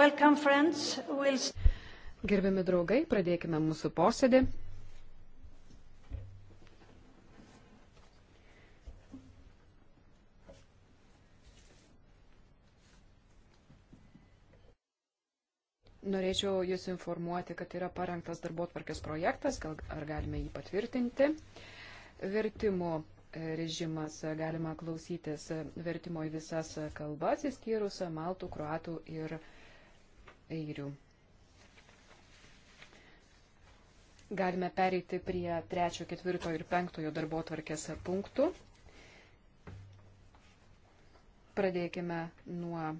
Welcome, friends. We'll... Gerbiami draugai, pradėkime mūsų posėdį. Norėčiau Jūs informuoti, kad yra parengtas darbo tvarkės projektas, gal, ar galime jį patvirtinti. Vertimo e, režimas e, galima klausytis e, vertimo į visas kalbas, įskyrus maltų, kruatų ir airių. Galime pereiti prie trečio, ketvirto ir penktojo darbo tvarkės punktų. Pradėkime nuo e,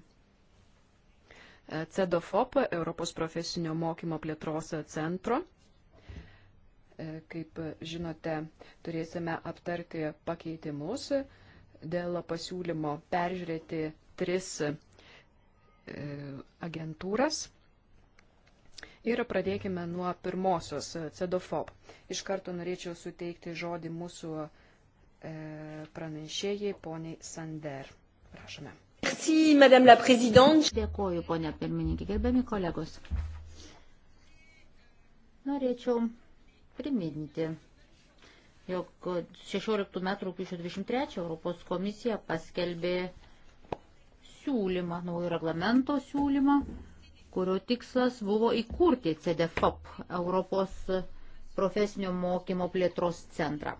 CEDOFOP, Europos profesinio mokymo plėtros centro. E, kaip žinote, turėsime aptarti pakeitimus dėl pasiūlymo peržiūrėti tris E, agentūras. Ir pradėkime nuo pirmosios e, CEDOFOB. Iš karto norėčiau suteikti žodį mūsų e, pranešėjai, poniai Sander. Prašome. Merci, Madame la Présidente. Dėkoju, ponia pirmininkė, gerbiami kolegos. Norėčiau priminti, jog 16 metų rūpiučio 23 Europos komisija paskelbė siūlymą, naujo reglamento siūlymą, kurio tikslas buvo įkurti CDFOP, Europos profesinio mokymo plėtros centrą.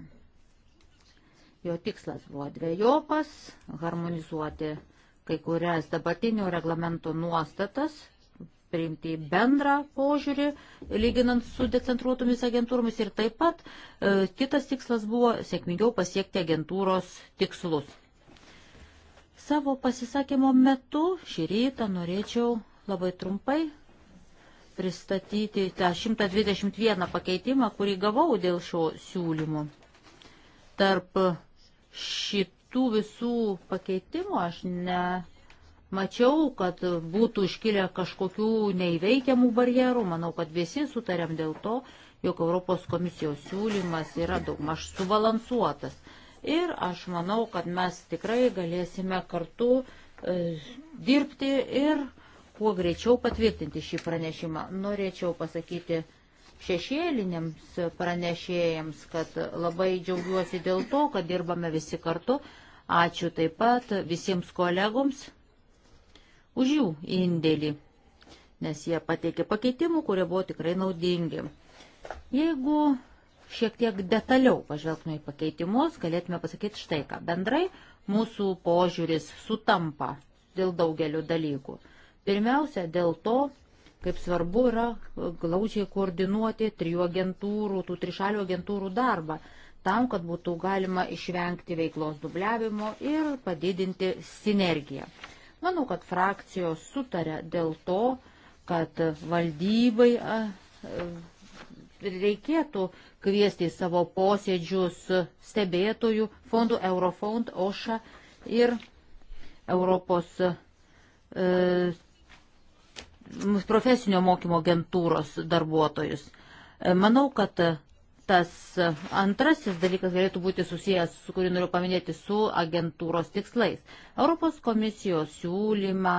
Jo tikslas buvo dviejopas - harmonizuoti kai kurias dabartinio reglamento nuostatas, priimti bendrą požiūrį, lyginant su decentruotomis agentūromis ir taip pat e, kitas tikslas buvo sėkmingiau pasiekti agentūros tikslus. Savo pasisakymo metu šį rytą norėčiau labai trumpai pristatyti tą 121 pakeitimą, kurį gavau dėl šio siūlymo. Tarp šitų visų pakeitimų aš nemačiau, kad būtų iškilę kažkokių neįveikiamų barjerų. Manau, kad visi sutarėm dėl to, jog Europos komisijos siūlymas yra daugmaž subalansuotas. Ir aš manau, kad mes tikrai galėsime kartu e, dirbti ir kuo greičiau patvirtinti šį pranešimą. Norėčiau pasakyti šešėliniams pranešėjams, kad labai džiaugiuosi dėl to, kad dirbame visi kartu. Ačiū taip pat visiems kolegoms už jų indėlį, nes jie pateikė pakeitimų, kurie buvo tikrai naudingi. Jeigu šiek tiek detaliau pažvelgtume į pakeitimus, galėtume pasakyti štai ką. Bendrai mūsų požiūris sutampa dėl daugelių dalykų. Pirmiausia, dėl to, kaip svarbu yra glaudžiai koordinuoti trijų agentūrų, tų trišalių agentūrų darbą, tam, kad būtų galima išvengti veiklos dubliavimo ir padidinti sinergiją. Manau, kad frakcijos sutarė dėl to, kad valdybai reikėtų kviesti į savo posėdžius stebėtojų fondų Eurofond, OŠA ir Europos e, profesinio mokymo agentūros darbuotojus. E, manau, kad tas antrasis dalykas galėtų būti susijęs, su kurį noriu paminėti, su agentūros tikslais. Europos komisijos siūlyma,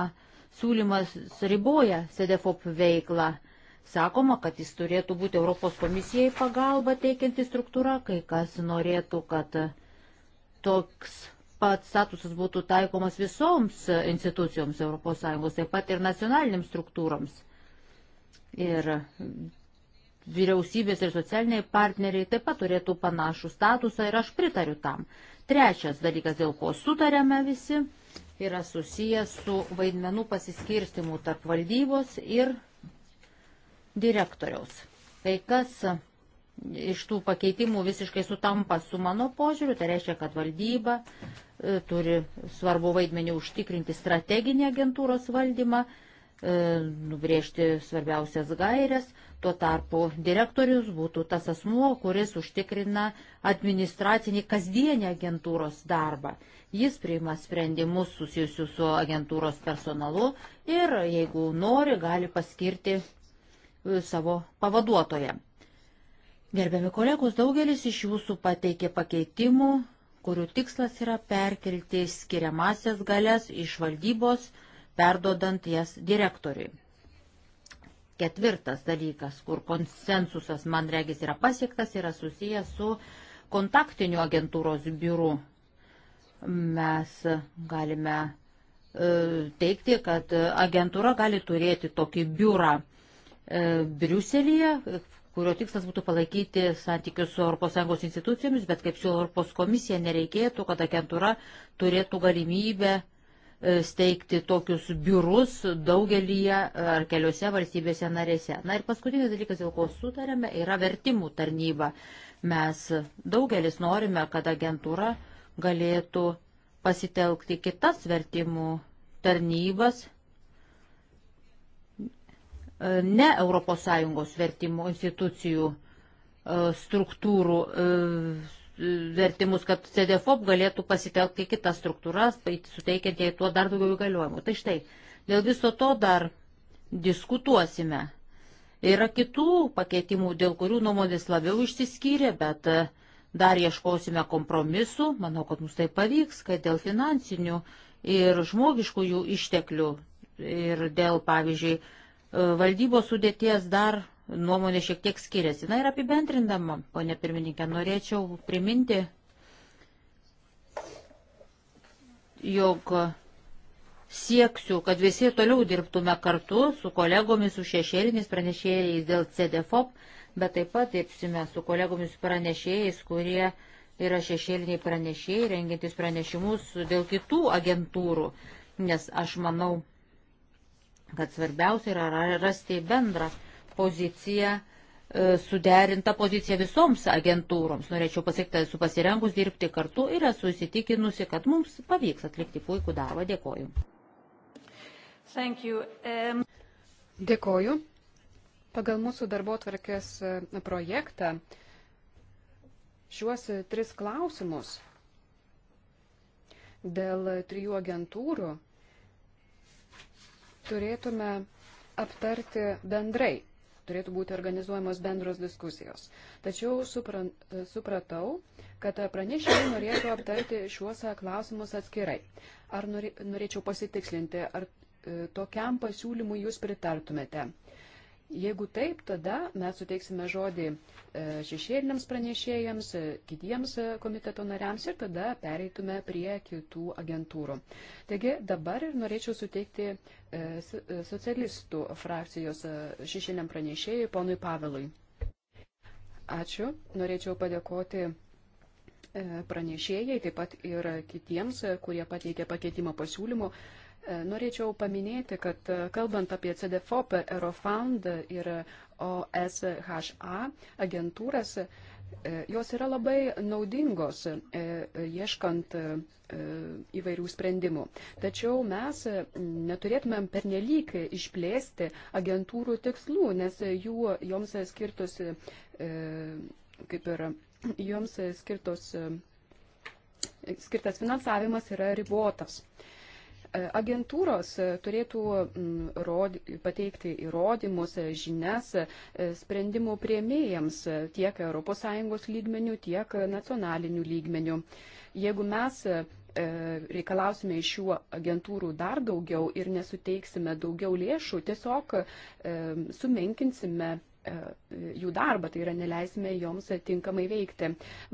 siūlymas riboja SEDEFOP veiklą Sakoma, kad jis turėtų būti Europos komisijai pagalba teikianti struktūra, kai kas norėtų, kad toks pat statusas būtų taikomas visoms institucijoms ES, taip pat ir nacionalinėms struktūroms. Ir vyriausybės ir socialiniai partneriai taip pat turėtų panašų statusą ir aš pritariu tam. Trečias dalykas, dėl ko sutarėme visi, yra susijęs su vaidmenų pasiskirstimu tarp valdybos ir direktoriaus. Kai kas iš tų pakeitimų visiškai sutampa su mano požiūriu, tai reiškia, kad valdyba e, turi svarbu vaidmenį užtikrinti strateginį agentūros valdymą, e, nubrėžti svarbiausias gairias, tuo tarpu direktorius būtų tas asmuo, kuris užtikrina administracinį kasdienį agentūros darbą. Jis priima sprendimus susijusius su agentūros personalu ir, jeigu nori, gali paskirti savo pavaduotoje. Gerbiami kolegos, daugelis iš jūsų pateikė pakeitimų, kurių tikslas yra perkelti skiriamasias galės iš valdybos, perdodant jas direktoriui. Ketvirtas dalykas, kur konsensusas, man regis, yra pasiektas, yra susijęs su kontaktiniu agentūros biuru. Mes galime e, teikti, kad agentūra gali turėti tokį biurą E, Briuselėje, kurio tikslas būtų palaikyti santykius su ES institucijomis, bet kaip siūlo Europos komisija, nereikėtų, kad agentūra turėtų galimybę e, steigti tokius biurus daugelį e, ar keliose valstybėse narėse. Na ir paskutinis dalykas, dėl ko sutarėme, yra vertimų tarnyba. Mes daugelis norime, kad agentūra galėtų pasitelkti kitas vertimų tarnybas ne ES vertimo institucijų e, struktūrų e, e, vertimus, kad CDFOP galėtų pasitelkti kitas struktūras, tai suteikiant jai tuo dar daugiau įgaliojimų. Tai štai, dėl viso to dar diskutuosime. Yra kitų pakeitimų, dėl kurių nuomonės labiau išsiskyrė, bet dar ieškosime kompromisų. Manau, kad mums tai pavyks, kad dėl finansinių ir žmogiškųjų išteklių ir dėl, pavyzdžiui, valdybos sudėties dar nuomonė šiek tiek skiriasi. Na ir apibendrindama, ponė pirmininkė, norėčiau priminti, jog sieksiu, kad visi toliau dirbtume kartu su kolegomis, su šešėliniais pranešėjais dėl CDFOP, bet taip pat dirbsime su kolegomis pranešėjais, kurie yra šešėliniai pranešėjai, rengiantis pranešimus dėl kitų agentūrų, nes aš manau, kad svarbiausia yra rasti bendrą poziciją, e, suderinta pozicija visoms agentūroms. Norėčiau pasakyti, esu pasirengus dirbti kartu ir esu įsitikinusi, kad mums pavyks atlikti puikų darbą. Dėkoju. Um... Dėkoju. Pagal mūsų darbo tvarkės e, projektą šiuos e, tris klausimus dėl trijų agentūrų turėtume aptarti bendrai. Turėtų būti organizuojamos bendros diskusijos. Tačiau supratau, kad pranešėjai norėtų aptarti šiuos klausimus atskirai. Ar norėčiau pasitikslinti, ar e, tokiam pasiūlymui jūs pritartumėte? Jeigu taip, tada mes suteiksime žodį e, šešėliniams pranešėjams, e, kitiems e, komiteto nariams ir tada pereitume prie kitų agentūrų. Taigi dabar ir norėčiau suteikti socialistų frakcijos šešėliniam pranešėjui, ponui Pavelui. Ačiū. Norėčiau padėkoti pranešėjai, taip pat ir kitiems, kurie pateikė pakeitimo pasiūlymų. Norėčiau paminėti, kad e, kalbant apie CDFOP, Eurofound ir OSHA agentūras, e, jos yra labai naudingos e, ieškant įvairių sprendimų. Tačiau mes neturėtumėm pernelyg išplėsti agentūrų tikslų, nes jų, joms skirtus, kaip ir joms skirtos, skirtas finansavimas yra ribotas. E, agentūros e, turėtų pateikti įrodymus, e, žinias sprendimų prieimėjams tiek ES lygmenių, tiek nacionalinių lygmenių. Jeigu mes reikalausime iš šių agentūrų dar daugiau ir nesuteiksime daugiau lėšų, tiesiog sumenkinsime E, jų darbą, tai yra neleisime joms tinkamai veikti.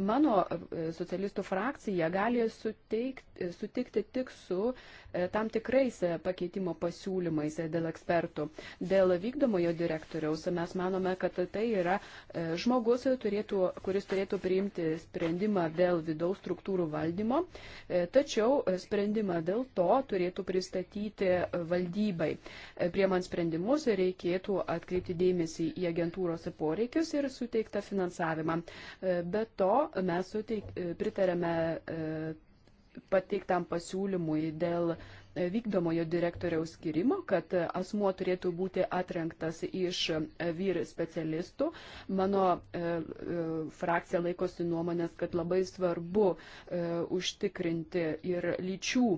Mano e, socialistų frakcija gali suteikti, e, sutikti tik su tam tikrais pakeitimo pasiūlymais dėl ekspertų. Dėl vykdomojo direktoriaus mes manome, kad tai yra žmogus, turėtų, kuris turėtų priimti sprendimą dėl vidaus struktūrų valdymo, tačiau sprendimą dėl to turėtų pristatyti valdybai. Prie man sprendimus reikėtų atkreipti dėmesį į agentūrą agentūros poreikius ir suteiktą finansavimą. E, be to, mes suteik, e, pritarėme e, pateiktam pasiūlymui dėl vykdomojo direktoriaus skirimo, kad asmuo turėtų būti atrenktas iš vyr specialistų. Mano e, frakcija laikosi nuomonės, kad labai svarbu e, užtikrinti ir lyčių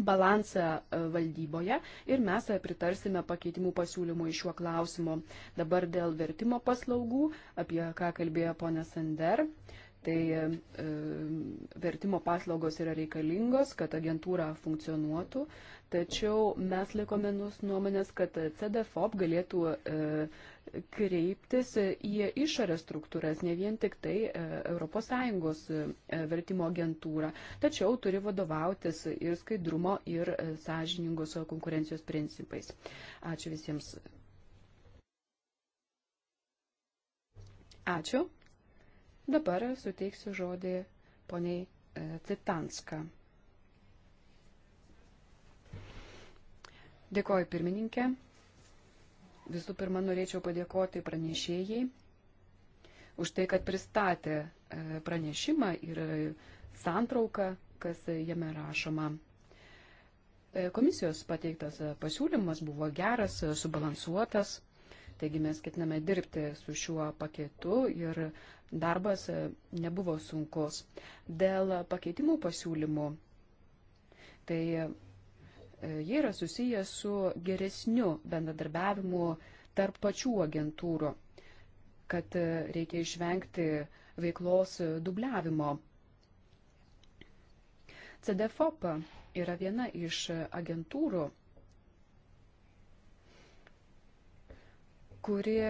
balansą e, valdyboje ir mes e, pritarsime pakeitimų pasiūlymų iš šiuo klausimu. Dabar dėl vertimo paslaugų, apie ką kalbėjo ponė Sander. Uh, Tai e, vertimo paslaugos yra reikalingos, kad agentūra funkcionuotų, tačiau mes laikome nuomonės, kad CDFOP galėtų e, kreiptis į išorės struktūras, ne vien tik tai ES e, vertimo agentūrą, tačiau turi vadovautis ir skaidrumo, ir e, sąžiningos konkurencijos principais. Ačiū visiems. Ačiū. Dabar suteiksiu žodį poniai e, Citanska. Dėkoju pirmininkė. Visų pirma, norėčiau padėkoti pranešėjai už tai, kad pristatė e, pranešimą ir santrauką, kas jame rašoma. E, komisijos pateiktas pasiūlymas buvo geras, subalansuotas, taigi mes ketiname dirbti su šiuo paketu ir Darbas e, nebuvo sunkus. Dėl pakeitimų pasiūlymų, tai e, jie yra susiję su geresniu bendradarbiavimu tarp pačių agentūrų, kad e, reikia išvengti veiklos dubliavimo. CDFOP yra viena iš agentūrų, kuri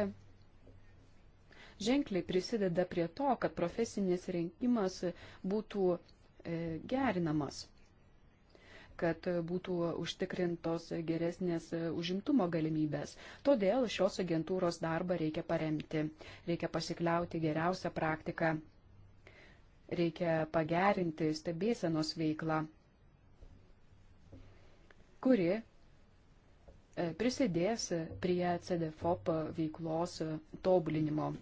ženkliai prisideda prie to, kad profesinis rengimas būtų e, gerinamas kad būtų užtikrintos geresnės užimtumo galimybės. Todėl šios agentūros darbą reikia paremti, reikia pasikliauti geriausią praktiką, reikia pagerinti stebėsenos veiklą, kuri e, prisidės prie CDFOP veiklos tobulinimo.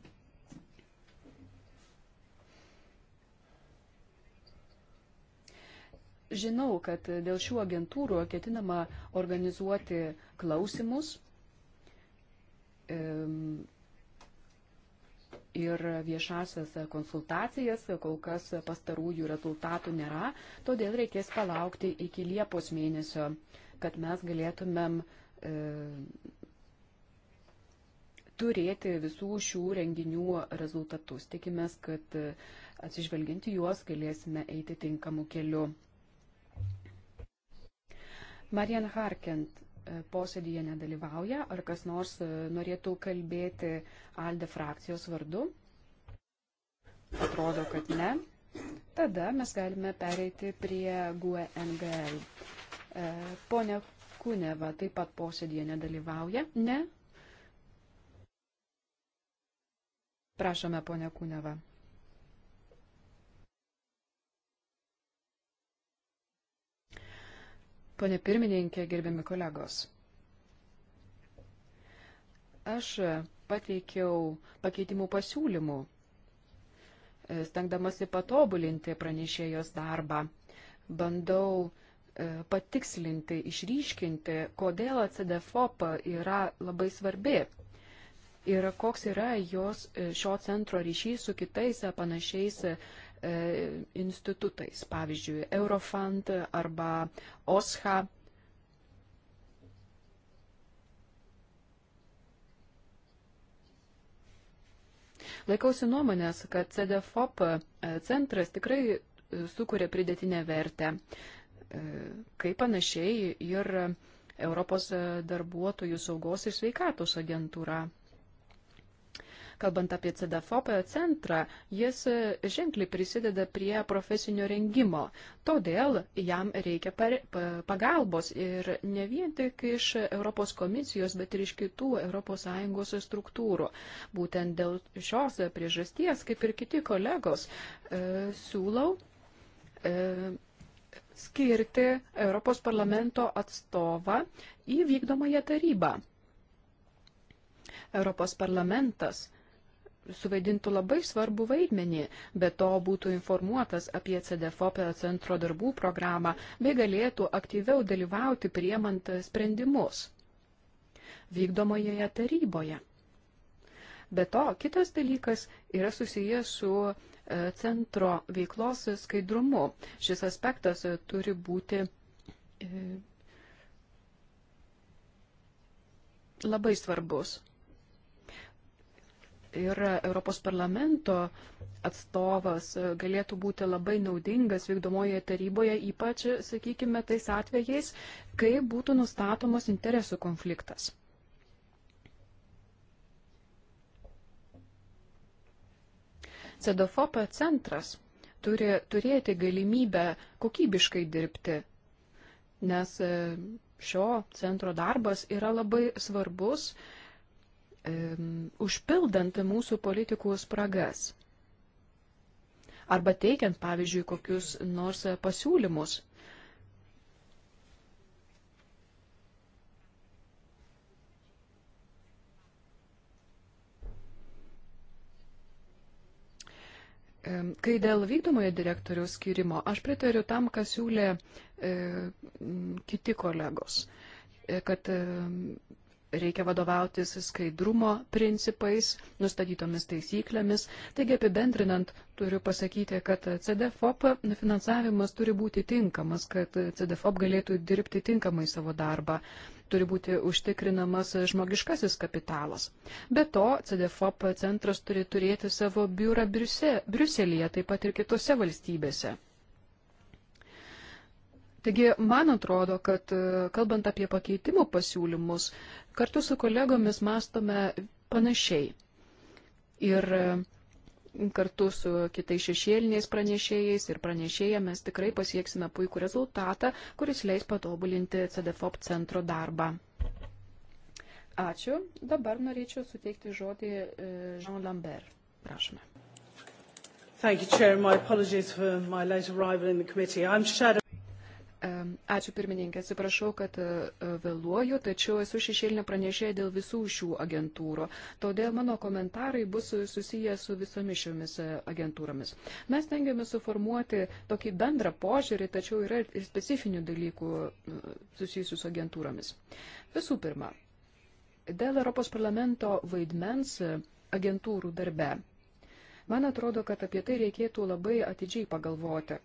Žinau, kad dėl šių agentūrų ketinama organizuoti klausimus ir viešasias konsultacijas, kol kas pastarųjų rezultatų nėra, todėl reikės palaukti iki Liepos mėnesio, kad mes galėtumėm e, turėti visų šių renginių rezultatus. Tikimės, kad e, atsižvelginti juos galėsime eiti tinkamu keliu. Marian Harkent e, posėdėje nedalyvauja, ar kas nors e, norėtų kalbėti Alde frakcijos vardu? Atrodo, kad ne. Tada mes galime pereiti prie GUE NGL. E, pone Kuneva taip pat posėdėje nedalyvauja? Ne? Prašome, ponia Kuneva. Pone pirmininkė, gerbiami kolegos. Aš pateikiau pakeitimų pasiūlymų, e, stengdamasi patobulinti pranešėjos darbą. Bandau e, patikslinti, išryškinti, kodėl CDFOP yra labai svarbi ir koks yra jos e, šio centro ryšys su kitais panašiais E, institutais, pavyzdžiui, Eurofund arba OSHA. Laikausi nuomonės, kad CDFOP centras tikrai sukuria pridėtinę vertę, e, kaip panašiai ir Europos darbuotojų saugos ir sveikatos agentūra. Kalbant apie CDFOP e centrą, jis ženkliai prisideda prie profesinio rengimo. Todėl jam reikia pagalbos ir ne vien tik iš Europos komisijos, bet ir iš kitų ES struktūrų. Būtent dėl šios priežasties, kaip ir kiti kolegos, e, siūlau e, skirti Europos parlamento atstovą į vykdomąją tarybą. Europos parlamentas suvaidintų labai svarbu vaidmenį, be to būtų informuotas apie CDFOP centro darbų programą bei galėtų aktyviau dalyvauti priemant sprendimus vykdomoje taryboje. Be to, kitas dalykas yra susijęs su e, centro veiklos skaidrumu. Šis aspektas e, turi būti e, labai svarbus ir Europos parlamento atstovas galėtų būti labai naudingas vykdomoje taryboje, ypač, sakykime, tais atvejais, kai būtų nustatomos interesų konfliktas. CEDOFOP centras turi turėti galimybę kokybiškai dirbti, nes e, šio centro darbas yra labai svarbus, uh, užpildant mūsų politikų spragas. Arba teikiant, pavyzdžiui, kokius nors pasiūlymus. Kai dėl vykdomojo direktoriaus skirimo, aš pritariu tam, ką siūlė e, kiti kolegos, e, kad e, reikia vadovautis skaidrumo principais, nustatytomis taisyklėmis. Taigi apibendrinant, turiu pasakyti, kad CDFOP finansavimas turi būti tinkamas, kad CDFOP galėtų dirbti tinkamai savo darbą. Turi būti užtikrinamas žmogiškasis kapitalas. Be to, CDFOP centras turi turėti savo biurą Briuselėje, taip pat ir kitose valstybėse. Taigi, man atrodo, kad e, kalbant apie pakeitimų pasiūlymus, kartu su kolegomis mastome panašiai. Ir e, kartu su kitais šešėliniais pranešėjais ir pranešėja mes tikrai pasieksime puikų rezultatą, kuris leis patobulinti CDFOP centro darbą. Ačiū. Dabar norėčiau suteikti žodį e, Jean Lambert. Prašome. Thank you, Chair. My apologies for my late arrival in the committee. I'm shadow Ačiū pirmininkė, atsiprašau, kad e, vėluoju, tačiau esu šešėlinė pranešėja dėl visų šių agentūrų. Todėl mano komentarai bus susiję su visomis šiomis e, agentūromis. Mes tengiamės suformuoti tokį bendrą požiūrį, tačiau yra ir specifinių dalykų e, susijusių su agentūromis. Visų pirma, dėl Europos parlamento vaidmens agentūrų darbe. Man atrodo, kad apie tai reikėtų labai atidžiai pagalvoti,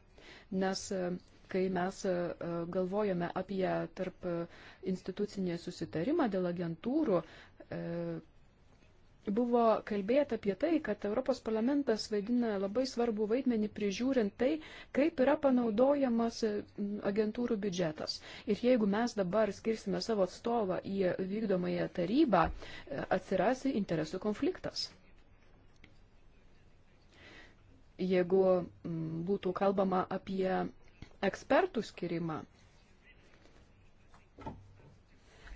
nes uh, kai mes e, e, galvojame apie tarp e, institucinį susitarimą dėl agentūrų, buvo kalbėta apie tai, kad Europos parlamentas vaidina labai svarbų vaidmenį prižiūrint tai, kaip yra panaudojamas agentūrų biudžetas. Ir jeigu mes dabar skirsime savo atstovą į vykdomąją tarybą, atsiras interesų konfliktas. Jeigu būtų kalbama apie ekspertų skirimą,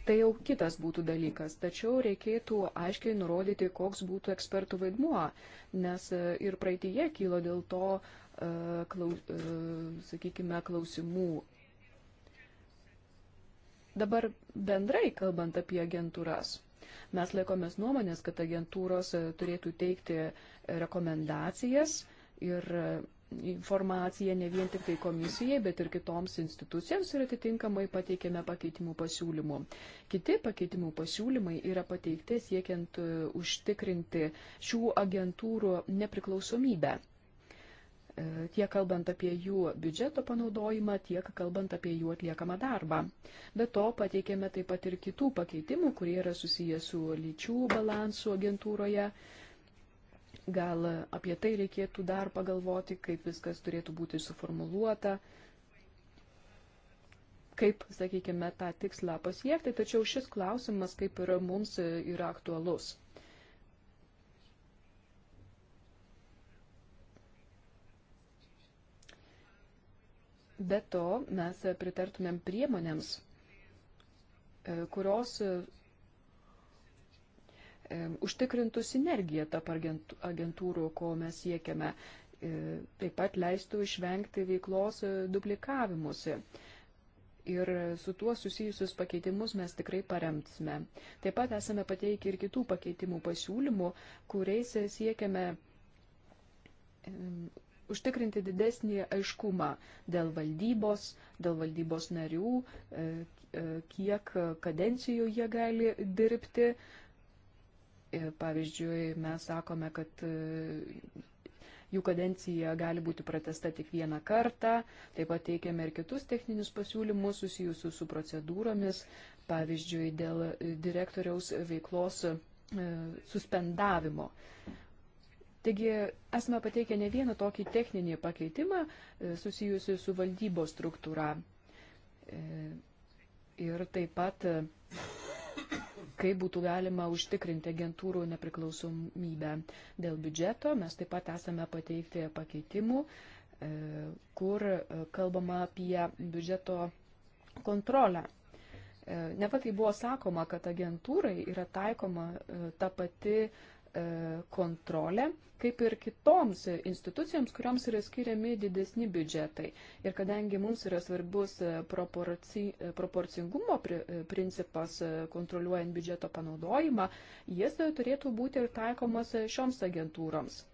tai jau kitas būtų dalykas. Tačiau reikėtų aiškiai nurodyti, koks būtų ekspertų vaidmuo, nes e, ir praeitie kylo dėl to, e, klaus, e, sakykime, klausimų. Dabar bendrai kalbant apie agentūras. Mes laikomės nuomonės, kad agentūros turėtų teikti rekomendacijas ir informaciją ne vien tik tai komisijai, bet ir kitoms institucijoms ir atitinkamai pateikėme pakeitimų pasiūlymų. Kiti pakeitimų pasiūlymai yra pateikti siekiant e, užtikrinti šių agentūrų nepriklausomybę e, tiek kalbant apie jų biudžeto panaudojimą, tiek kalbant apie jų atliekamą darbą. Be to pateikėme taip pat ir kitų pakeitimų, kurie yra susijęs su lyčių balansu agentūroje, Gal apie tai reikėtų dar pagalvoti, kaip viskas turėtų būti suformuluota, kaip, sakykime, tą tikslą pasiekti, tačiau šis klausimas kaip ir mums yra aktualus. Be to, mes pritartumėm priemonėms, kurios užtikrintų sinergiją tarp agentūrų, ko mes siekiame, e, taip pat leistų išvengti veiklos e, duplikavimuose. Ir su tuo susijusius pakeitimus mes tikrai paremsime. Taip pat esame pateikę ir kitų pakeitimų pasiūlymų, kuriais e, siekiame užtikrinti didesnį aiškumą dėl valdybos, dėl valdybos narių, kiek kadencijų jie gali dirbti, Pavyzdžiui, mes sakome, kad e, jų kadencija gali būti pratesta tik vieną kartą. Taip pat teikiame ir kitus techninius pasiūlymus susijusius su procedūromis, pavyzdžiui, dėl e, direktoriaus veiklos e, suspendavimo. Taigi esame pateikę ne vieną tokį techninį pakeitimą susijusiu su valdybos struktūra. Ir taip pat kaip būtų galima užtikrinti agentūrų nepriklausomybę. Dėl biudžeto mes taip pat esame pateikti pakeitimų, e, kur e, kalbama apie biudžeto kontrolę. E, Neva tai buvo sakoma, kad agentūrai yra taikoma ta pati E, kontrolę, kaip ir kitoms institucijoms, kuriuoms yra skiriami didesni biudžetai. Ir kadangi mums yra svarbus e, proporci, e, proporcingumo pri, principas kontroliuojant biudžeto panaudojimą, jis turėtų būti ir taikomas šioms agentūroms.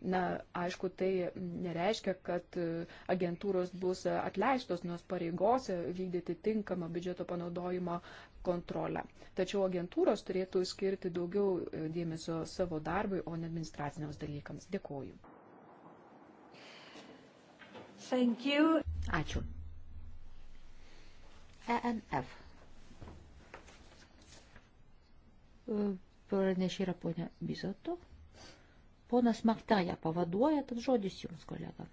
Na, aišku, tai nereiškia, kad e, agentūros bus atleistos nuo pareigos vykdyti tinkamą biudžeto panaudojimo kontrolę. Tačiau agentūros turėtų skirti daugiau e, dėmesio savo darbui, o ne administraciniams dalykams. Dėkoju. Ačiū. ENF. E, pranešė yra ponia Bizoto. Ponas Maktaja pavaduoja, tad žodis jums, kolega.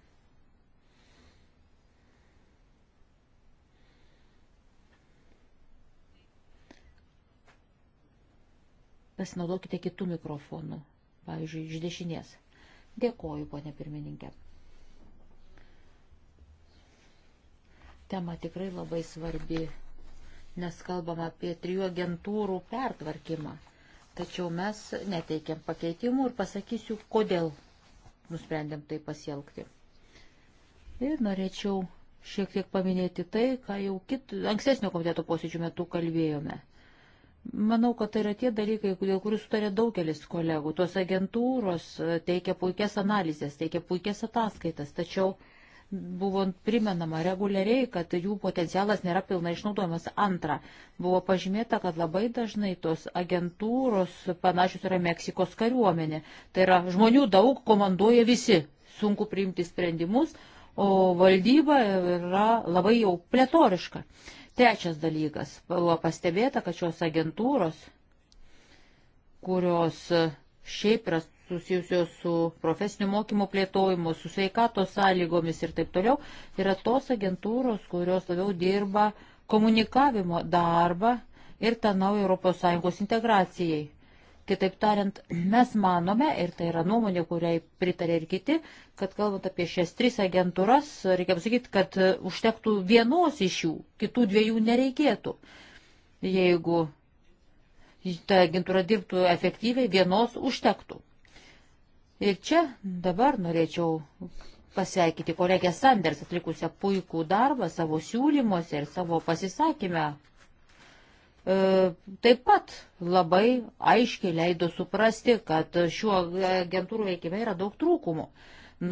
Pasinaudokite kitų mikrofonų, pavyzdžiui, iš dešinės. Dėkoju, ponė pirmininkė. Tema tikrai labai svarbi, nes kalbam apie trijų agentūrų pertvarkymą – Tačiau mes neteikėm pakeitimų ir pasakysiu, kodėl nusprendėm tai pasielgti. Ir norėčiau šiek tiek paminėti tai, ką jau kit, ankstesnio komiteto posėdžių metu kalbėjome. Manau, kad tai yra tie dalykai, dėl kurių sutarė daugelis kolegų. Tos agentūros e, teikia puikias analizės, teikia puikias ataskaitas, tačiau uh, buvo primenama reguliariai, kad jų potencialas nėra pilnai išnaudojamas. Antra, buvo pažymėta, kad labai dažnai tos agentūros panašios yra Meksikos kariuomenė. Tai yra žmonių daug, komanduoja visi, sunku priimti sprendimus, o valdyba yra labai jau plėtoriška. Trečias dalykas, buvo pastebėta, kad šios agentūros, kurios šiaip yra susijusios su profesiniu mokymu plėtojimu, su sveikatos sąlygomis ir taip toliau, yra tos agentūros, kurios labiau dirba komunikavimo darbą ir tą naują ES integracijai. Kitaip tariant, mes manome, ir tai yra nuomonė, kuriai pritarė ir kiti, kad kalbant apie šias tris agentūras, reikia pasakyti, kad užtektų vienos iš jų, kitų dviejų nereikėtų. Jeigu ta agentūra dirbtų efektyviai, vienos užtektų. Ir čia dabar norėčiau pasveikyti kolegę Sanders atlikusią puikų darbą savo siūlymuose ir savo pasisakymę. E, taip pat labai aiškiai leido suprasti, kad šiuo agentūrų veikime yra daug trūkumų.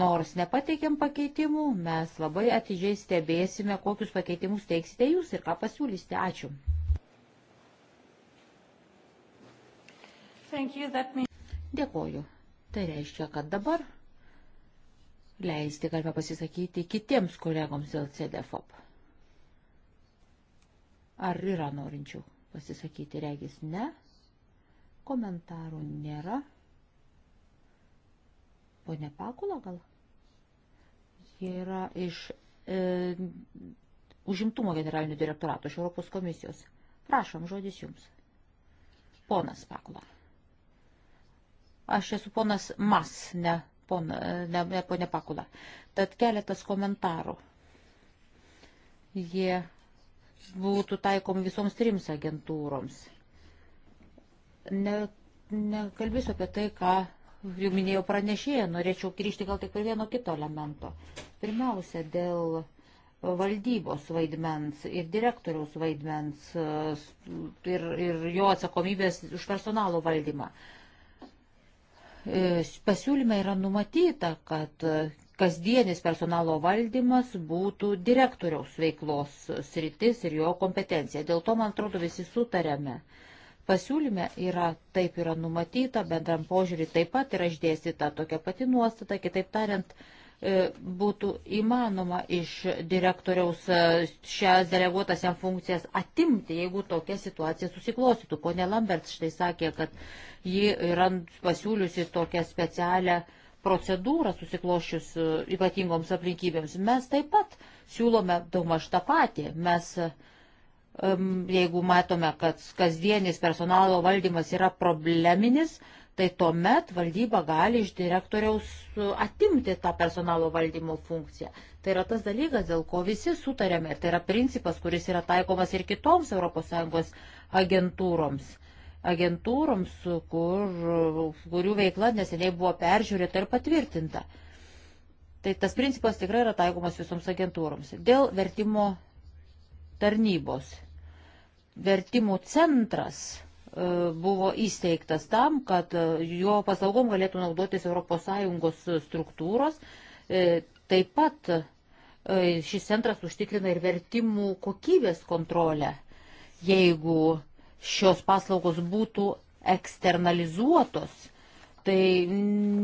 Nors nepateikėm pakeitimų, mes labai atidžiai stebėsime, kokius pakeitimus teiksite jūs ir ką pasiūlysite. Ačiū. Means... Dėkoju. Tai reiškia, kad dabar leisti galime pasisakyti kitiems kolegoms dėl CDFOP. Ar yra norinčių pasisakyti? Regis ne. Komentarų nėra. Pone Pakula gal? Jie yra iš e, užimtumo generalinio direktorato, iš Europos komisijos. Prašom, žodis jums. Ponas Pakula. Aš esu ponas Mas, ne, pon, ne, ne ponė Pakula. Tad keletas komentarų. Jie būtų taikomi visoms trims agentūroms. Ne, nekalbėsiu apie tai, ką jau minėjau pranešėją, norėčiau grįžti gal tik prie vieno kito elemento. Pirmiausia, dėl valdybos vaidmens ir direktoriaus vaidmens e, ir, ir jo atsakomybės už personalo valdymą. E, pasiūlyme yra numatyta, kad kasdienis personalo valdymas būtų direktoriaus veiklos sritis ir jo kompetencija. Dėl to, man atrodo, visi sutarėme. Pasiūlyme yra, taip yra numatyta, bendram požiūrį taip pat yra išdėstyta tokia pati nuostata, kitaip tariant, E, būtų įmanoma iš direktoriaus e, šias deleguotas jam funkcijas atimti, jeigu tokia situacija susiklostytų. Pone Lambert štai sakė, kad ji yra pasiūliusi tokią specialią procedūrą susikloščius e, ypatingoms aplinkybėms. Mes taip pat siūlome daugmaž tą patį. Mes, jeigu matome, kad kasdienis personalo valdymas yra probleminis, tai tuomet valdyba gali iš direktoriaus e, atimti tą personalo valdymo funkciją. Tai yra tas dalykas, dėl ko visi sutarėme. Ir tai yra principas, kuris yra taikomas ir kitoms ES agentūroms. Agentūroms, kur, kurių veikla neseniai buvo peržiūrėta ir patvirtinta. Tai tas principas tikrai yra taikomas visoms agentūroms. Dėl vertimo tarnybos. Vertimų centras E, buvo įsteigtas tam, kad e, jo paslaugom galėtų naudotis ES struktūros. E, taip pat šis centras užtikrina ir vertimų kokybės kontrolę. Jeigu šios paslaugos būtų eksternalizuotos, tai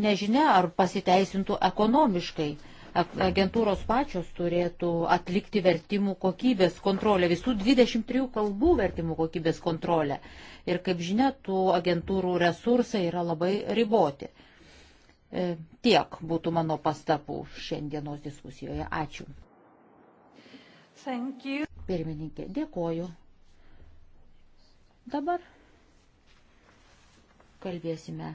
nežinia, ar pasiteisintų ekonomiškai agentūros pačios turėtų atlikti vertimų kokybės kontrolę, visų 23 kalbų vertimų kokybės kontrolę. Ir kaip žinia, tų agentūrų resursai yra labai riboti. E, tiek būtų mano pastabų šiandienos diskusijoje. Ačiū. Pirmininkė, dėkoju. Dabar kalbėsime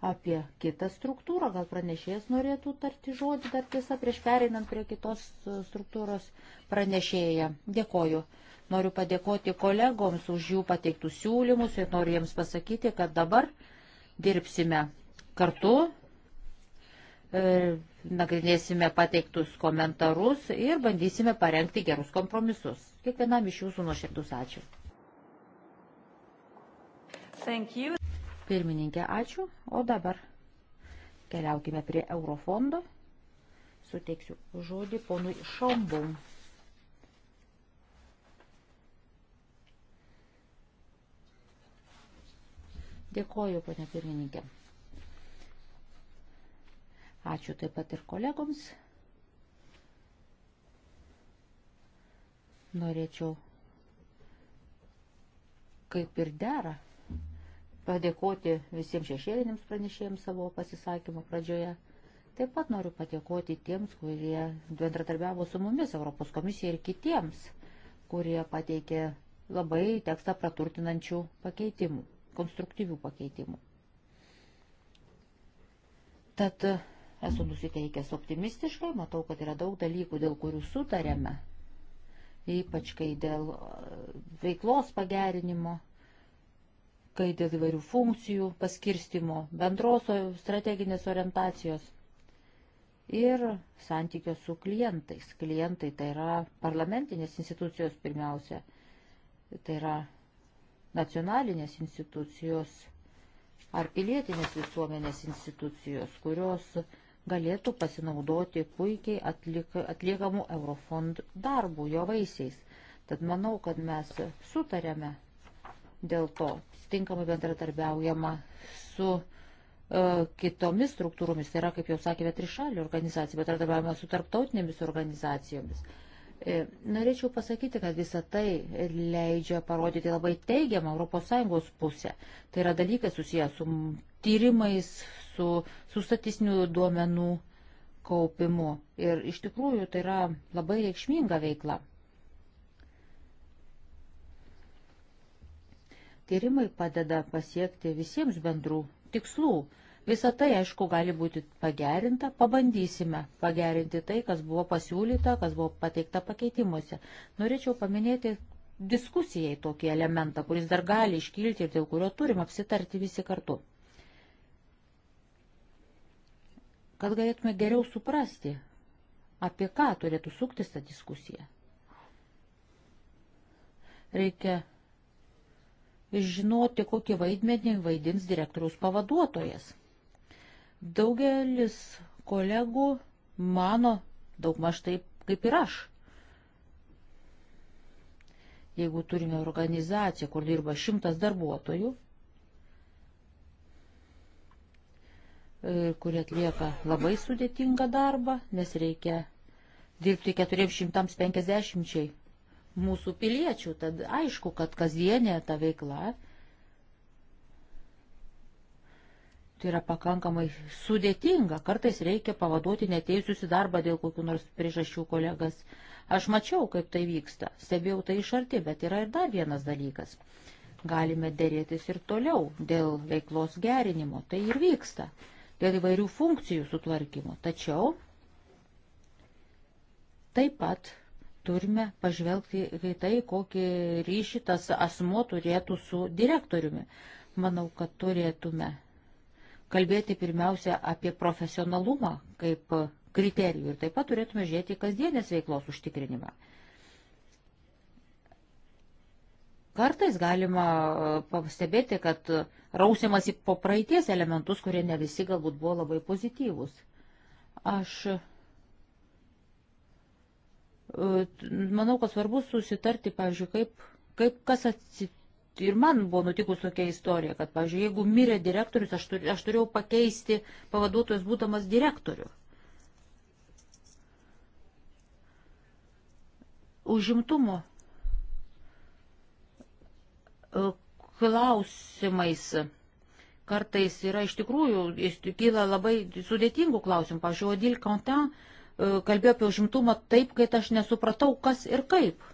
apie kitą struktūrą. Gal pranešėjas norėtų tarti žodį dar tiesą prieš pereinant prie kitos e, struktūros pranešėją. Dėkoju. Noriu padėkoti kolegoms už jų pateiktus siūlymus ir noriu jiems pasakyti, kad dabar dirbsime kartu, e, nagrinėsime pateiktus komentarus ir bandysime parengti gerus kompromisus. Kiekvienam iš jūsų nuoširdus ačiū. Thank you. Pirmininkė, ačiū. O dabar keliaukime prie Eurofondo. Suteiksiu žodį ponui Šombum. Dėkoju, ponė pirmininkė. Ačiū taip pat ir kolegoms. Norėčiau, kaip ir dera, padėkoti visiems šešėliniams pranešėjams savo pasisakymo pradžioje. Taip pat noriu padėkoti tiems, kurie bendradarbiavo su mumis, Europos komisija ir kitiems, kurie pateikė labai tekstą praturtinančių pakeitimų, konstruktyvių pakeitimų. Tad e, esu nusiteikęs optimistiškai, matau, kad yra daug dalykų, dėl kurių sutarėme, ypač kai dėl e, veiklos pagerinimo kai dėl įvairių funkcijų paskirstimo, bendros strateginės orientacijos ir santykio su klientais. Klientai tai yra parlamentinės institucijos pirmiausia, tai yra nacionalinės institucijos ar pilietinės visuomenės institucijos, kurios galėtų pasinaudoti puikiai atlik, atliekamų Eurofond darbų, jo vaisiais. Tad manau, kad mes sutarėme dėl to tinkamai bendradarbiaujama su e, kitomis struktūromis, tai yra, kaip jau sakėme, trišalių organizacijų, bet bendradarbiaujama su tarptautinėmis organizacijomis. E, norėčiau pasakyti, kad visa tai leidžia parodyti labai teigiamą ES pusę. Tai yra dalykai susijęs su tyrimais, su, su statistinių duomenų kaupimu. Ir iš tikrųjų tai yra labai reikšminga veikla. Tyrimai padeda pasiekti visiems bendrų tikslų. Visą tai, aišku, gali būti pagerinta, pabandysime pagerinti tai, kas buvo pasiūlyta, kas buvo pateikta pakeitimuose. Norėčiau paminėti diskusijai tokį elementą, kuris dar gali iškilti ir dėl kurio turim apsitarti visi kartu. Kad galėtume geriau suprasti, apie ką turėtų suktis ta diskusija. Reikia žinoti, kokį vaidmenį vaidins direktoriaus pavaduotojas. Daugelis kolegų mano daugmaž taip kaip ir aš. Jeigu turime organizaciją, kur dirba šimtas darbuotojų, kurie atlieka labai sudėtingą darbą, nes reikia dirbti 450 mūsų piliečių. Tad aišku, kad kasdienė ta veikla tai yra pakankamai sudėtinga. Kartais reikia pavaduoti neteisius į darbą dėl kokių nors priežasčių kolegas. Aš mačiau, kaip tai vyksta, stebėjau tai iš arti, bet yra ir dar vienas dalykas. Galime dėrėtis ir toliau dėl veiklos gerinimo, tai ir vyksta, dėl įvairių funkcijų sutvarkymo. Tačiau taip pat turime pažvelgti į tai, kokį ryšį tas asmo turėtų su direktoriumi. Manau, kad turėtume kalbėti pirmiausia apie profesionalumą kaip kriterijų ir taip pat turėtume žiūrėti kasdienės veiklos užtikrinimą. Kartais galima e, pastebėti, kad rausiamas į po praeities elementus, kurie ne visi galbūt buvo labai pozityvus. Aš Manau, kad svarbu susitarti, pavyzdžiui, kaip, kaip kas atsitiko. Ir man buvo nutikus tokia istorija, kad, pavyzdžiui, jeigu mirė direktorius, aš, tur, aš turėjau pakeisti pavaduotojas būdamas direktoriu. Užimtumo klausimais kartais yra iš tikrųjų, kyla labai sudėtingų klausimų. Pavyzdžiui, Odil Kantin kalbėjo apie užimtumą taip, kad aš nesupratau, kas ir kaip.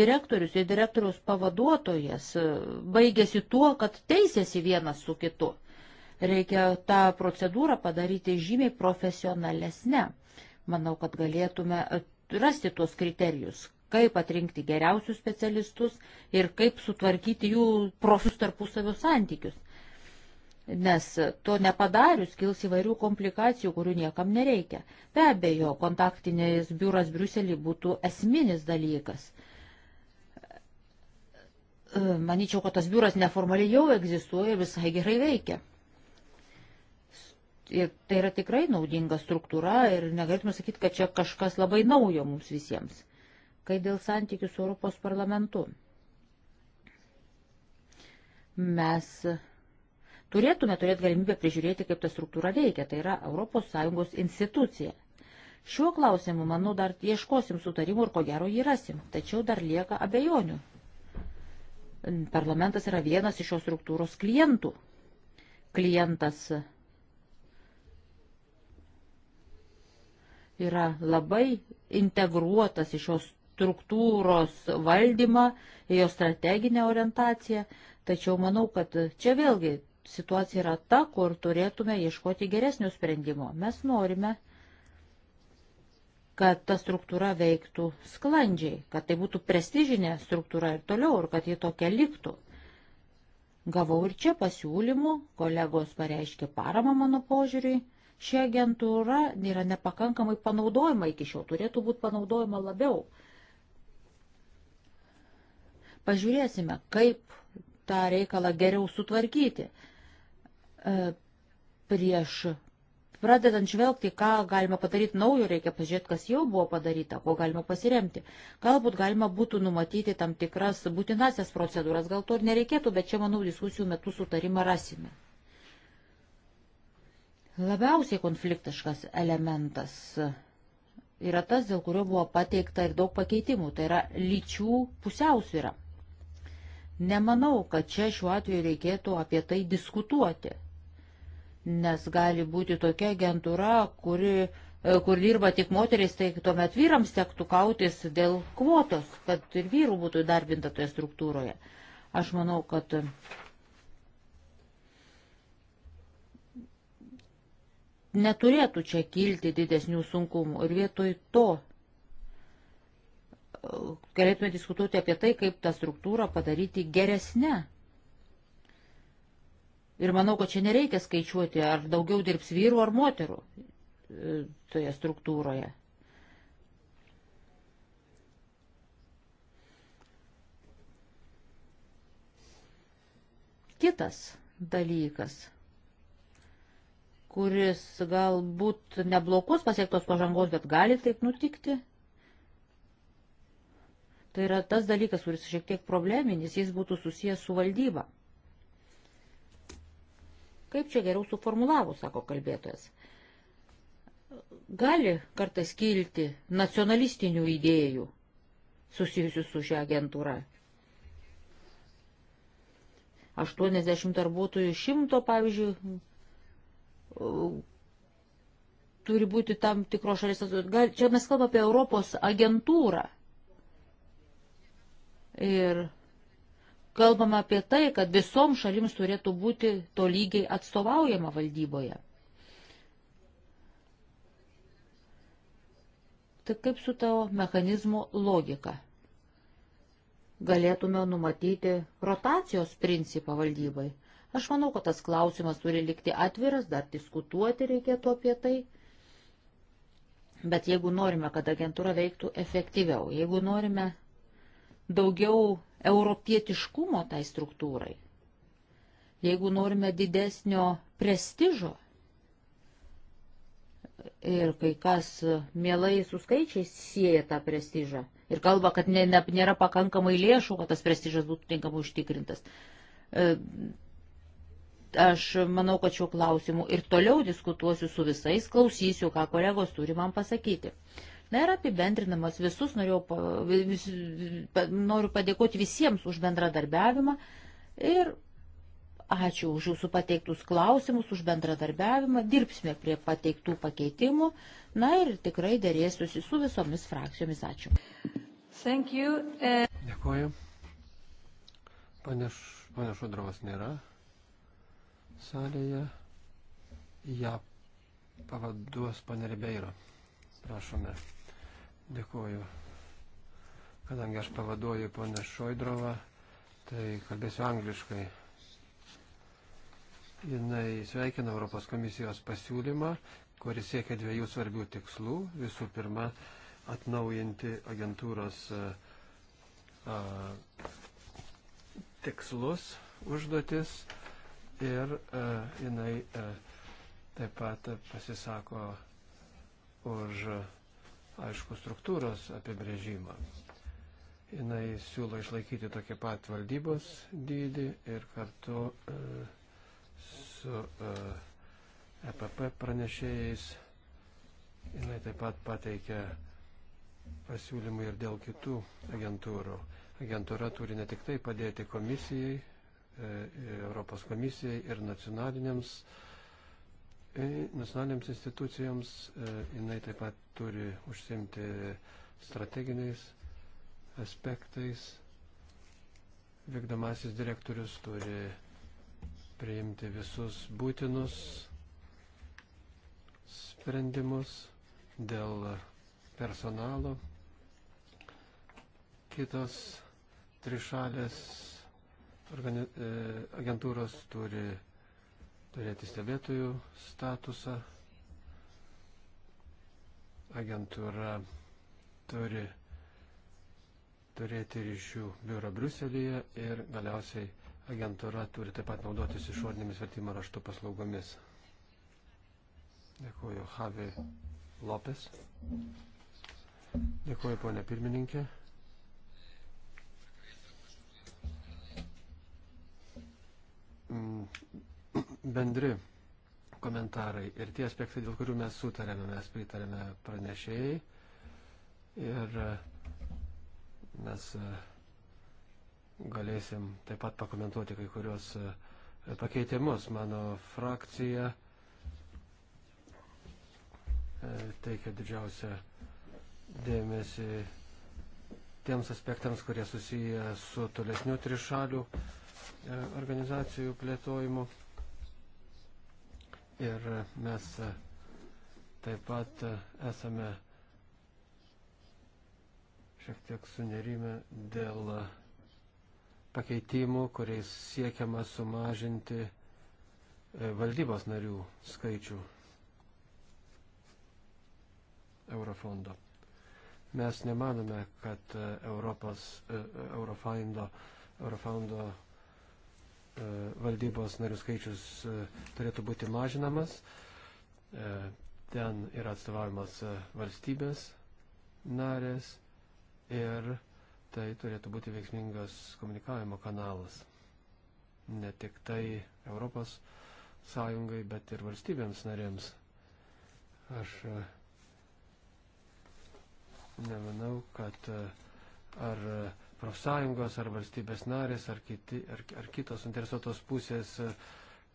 Direktorius ir direktoriaus pavaduotojas e, baigėsi tuo, kad teisėsi vienas su kitu. Reikia tą procedūrą padaryti žymiai profesionalesnę. Manau, kad galėtume e, rasti tuos kriterijus, kaip atrinkti geriausius specialistus ir kaip sutvarkyti jų profus tarpusavio santykius nes to nepadarius kils įvairių komplikacijų, kurių niekam nereikia. Be abejo, kontaktinės biuras Briuselį būtų esminis dalykas. E, Maničiau, kad tas biuras neformaliai jau egzistuoja ir visai gerai veikia. Ir tai yra tikrai naudinga struktūra ir negalėtume sakyti, kad čia kažkas labai naujo mums visiems, kai dėl santykių su Europos parlamentu. Mes turėtume turėti galimybę prižiūrėti, kaip ta struktūra veikia, tai yra ES institucija. Šiuo klausimu, manau, dar ieškosim sutarimų ir ko gero jį rasim, tačiau dar lieka abejonių. Parlamentas yra vienas iš šios struktūros klientų. Klientas yra labai integruotas į šios struktūros valdymą, į jo strateginę orientaciją, tačiau manau, kad čia vėlgi situacija yra ta, kur turėtume ieškoti geresnių sprendimų. Mes norime, kad ta struktūra veiktų sklandžiai, kad tai būtų prestižinė struktūra ir toliau, ir kad ji tokia liktų. Gavau ir čia pasiūlymų, kolegos pareiškė paramą mano požiūriui. Ši agentūra yra nepakankamai panaudojama iki šiol, turėtų būti panaudojama labiau. Pažiūrėsime, kaip tą reikalą geriau sutvarkyti. E, prieš pradedant žvelgti, ką galima padaryti naujo, reikia pažiūrėti, kas jau buvo padaryta, ko galima pasiremti. Galbūt galima būtų numatyti tam tikras būtinasias procedūras, gal to ir nereikėtų, bet čia, manau, diskusijų metu sutarimą rasime. Labiausiai konfliktiškas elementas yra tas, dėl kurio buvo pateikta ir daug pakeitimų, tai yra lyčių pusiausvyra. Nemanau, kad čia šiuo atveju reikėtų apie tai diskutuoti nes gali būti tokia agentūra, kuri, e, kur dirba tik moteris, tai tuomet vyrams tektų kautis dėl kvotos, kad ir vyrų būtų įdarbinta toje struktūroje. Aš manau, kad neturėtų čia kilti didesnių sunkumų ir vietoj to e, galėtume diskutuoti apie tai, kaip tą struktūrą padaryti geresnę Ir manau, kad čia nereikia skaičiuoti, ar daugiau dirbs vyrų ar moterų e, toje struktūroje. Kitas dalykas, kuris galbūt neblokus pasiektos pažangos, bet gali taip nutikti, tai yra tas dalykas, kuris šiek tiek probleminis, jis būtų susijęs su valdyba. Kaip čia geriau suformulavus, sako kalbėtojas. Gali kartais kilti nacionalistinių idėjų susijusių su šią agentūrą. 80 darbuotojų iš 100, pavyzdžiui, turi būti tam tikros šalies atstovai. Čia mes kalbame apie Europos agentūrą. Ir kalbama apie tai, kad visom šalims turėtų būti to lygiai atstovaujama valdyboje. Tai kaip su tavo mechanizmo logika? Galėtume numatyti rotacijos principą valdybai. Aš manau, kad tas klausimas turi likti atviras, dar diskutuoti reikėtų apie tai. Bet jeigu norime, kad agentūra veiktų efektyviau, jeigu norime daugiau europietiškumo tai struktūrai, jeigu norime didesnio prestižo. Ir kai kas mielai su skaičiais sieja tą prestižą ir kalba, kad ne, ne, nėra pakankamai lėšų, kad tas prestižas būtų tinkamai užtikrintas. E, aš manau, kad šiuo klausimu ir toliau diskutuosiu su visais, klausysiu, ką kolegos turi man pasakyti. E, Na ir apibendrinamas visus norėjau, vis, noriu padėkoti visiems už bendradarbiavimą ir ačiū už jūsų pateiktus klausimus, už bendradarbiavimą, dirbsime prie pateiktų pakeitimų, na ir tikrai dėrėsiuosi su visomis frakcijomis. Ačiū. Thank you. And... E- Dėkuoju. Paneš, panašu, dravas nėra salėje. Ja pavaduos panerebeiro. Prašome. Dėkuoju. Kadangi aš pavaduoju ponę Šoidrovą, tai kalbėsiu angliškai. Jis sveikina Europos komisijos pasiūlymą, kuris siekia dviejų svarbių tikslų. Visų pirma, atnaujinti agentūros a, e, a, tikslus, užduotis ir a, e, jinai a, e, taip pat pasisako už. A, aišku struktūros apibrėžimą. Jis siūlo išlaikyti tokį pat valdybos dydį ir kartu e, su e, EPP pranešėjais jinai taip pat pateikia pasiūlymų ir dėl kitų agentūrų. Agentūra turi ne tik tai padėti komisijai, e, Europos komisijai ir nacionaliniams e, E, nacionalinėms institucijoms e, jinai taip pat turi užsimti strateginiais aspektais. Vykdomasis direktorius turi priimti visus būtinus sprendimus dėl personalo. Kitos trišalės e, agentūros turi turėti stebėtojų statusą. Agentūra turi turėti ryšių biurą Bruselėje ir galiausiai agentūra turi taip pat naudotis išorinėmis vertimo raštų paslaugomis. Dėkuoju Javi Lopes. Dėkuoju ponė pirmininkė. Mm, bendri komentarai ir tie aspektai, dėl kurių mes sutarėme, mes pritarėme pranešėjai ir e, mes e, galėsim taip pat pakomentuoti kai kurios e, pakeitimus. Mano frakcija teikia didžiausią dėmesį tiems aspektams, kurie susiję su tolesniu trišalių organizacijų plėtojimu. Ir mes taip pat esame šiek tiek sunerime dėl pakeitimų, kuriais siekiama sumažinti valdybos narių skaičių Eurofondo. Mes nemanome, kad Europos, Eurofondo, Eurofondo E, valdybos narių skaičius e, turėtų būti mažinamas. E, ten yra atstovavimas valstybės narės ir tai turėtų būti veiksmingas komunikavimo kanalas. Ne tik tai Europos sąjungai, bet ir valstybėms narėms. Aš nemanau, kad ar profsąjungos ar valstybės narės ar, kiti, ar, ar kitos interesuotos pusės e,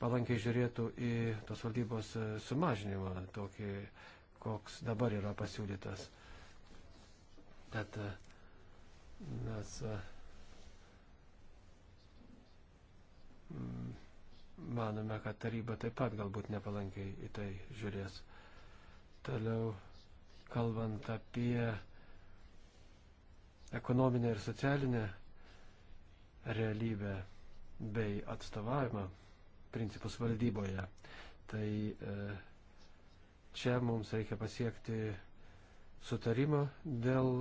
palankiai žiūrėtų į tos valdybos e, sumažinimą, tokį, koks dabar yra pasiūlytas. Tad e, mes manome, kad taryba taip pat galbūt nepalankiai į tai žiūrės. Toliau, kalbant apie ekonominę ir socialinę realybę bei atstovavimą principus valdyboje. Tai e, čia mums reikia pasiekti sutarimą dėl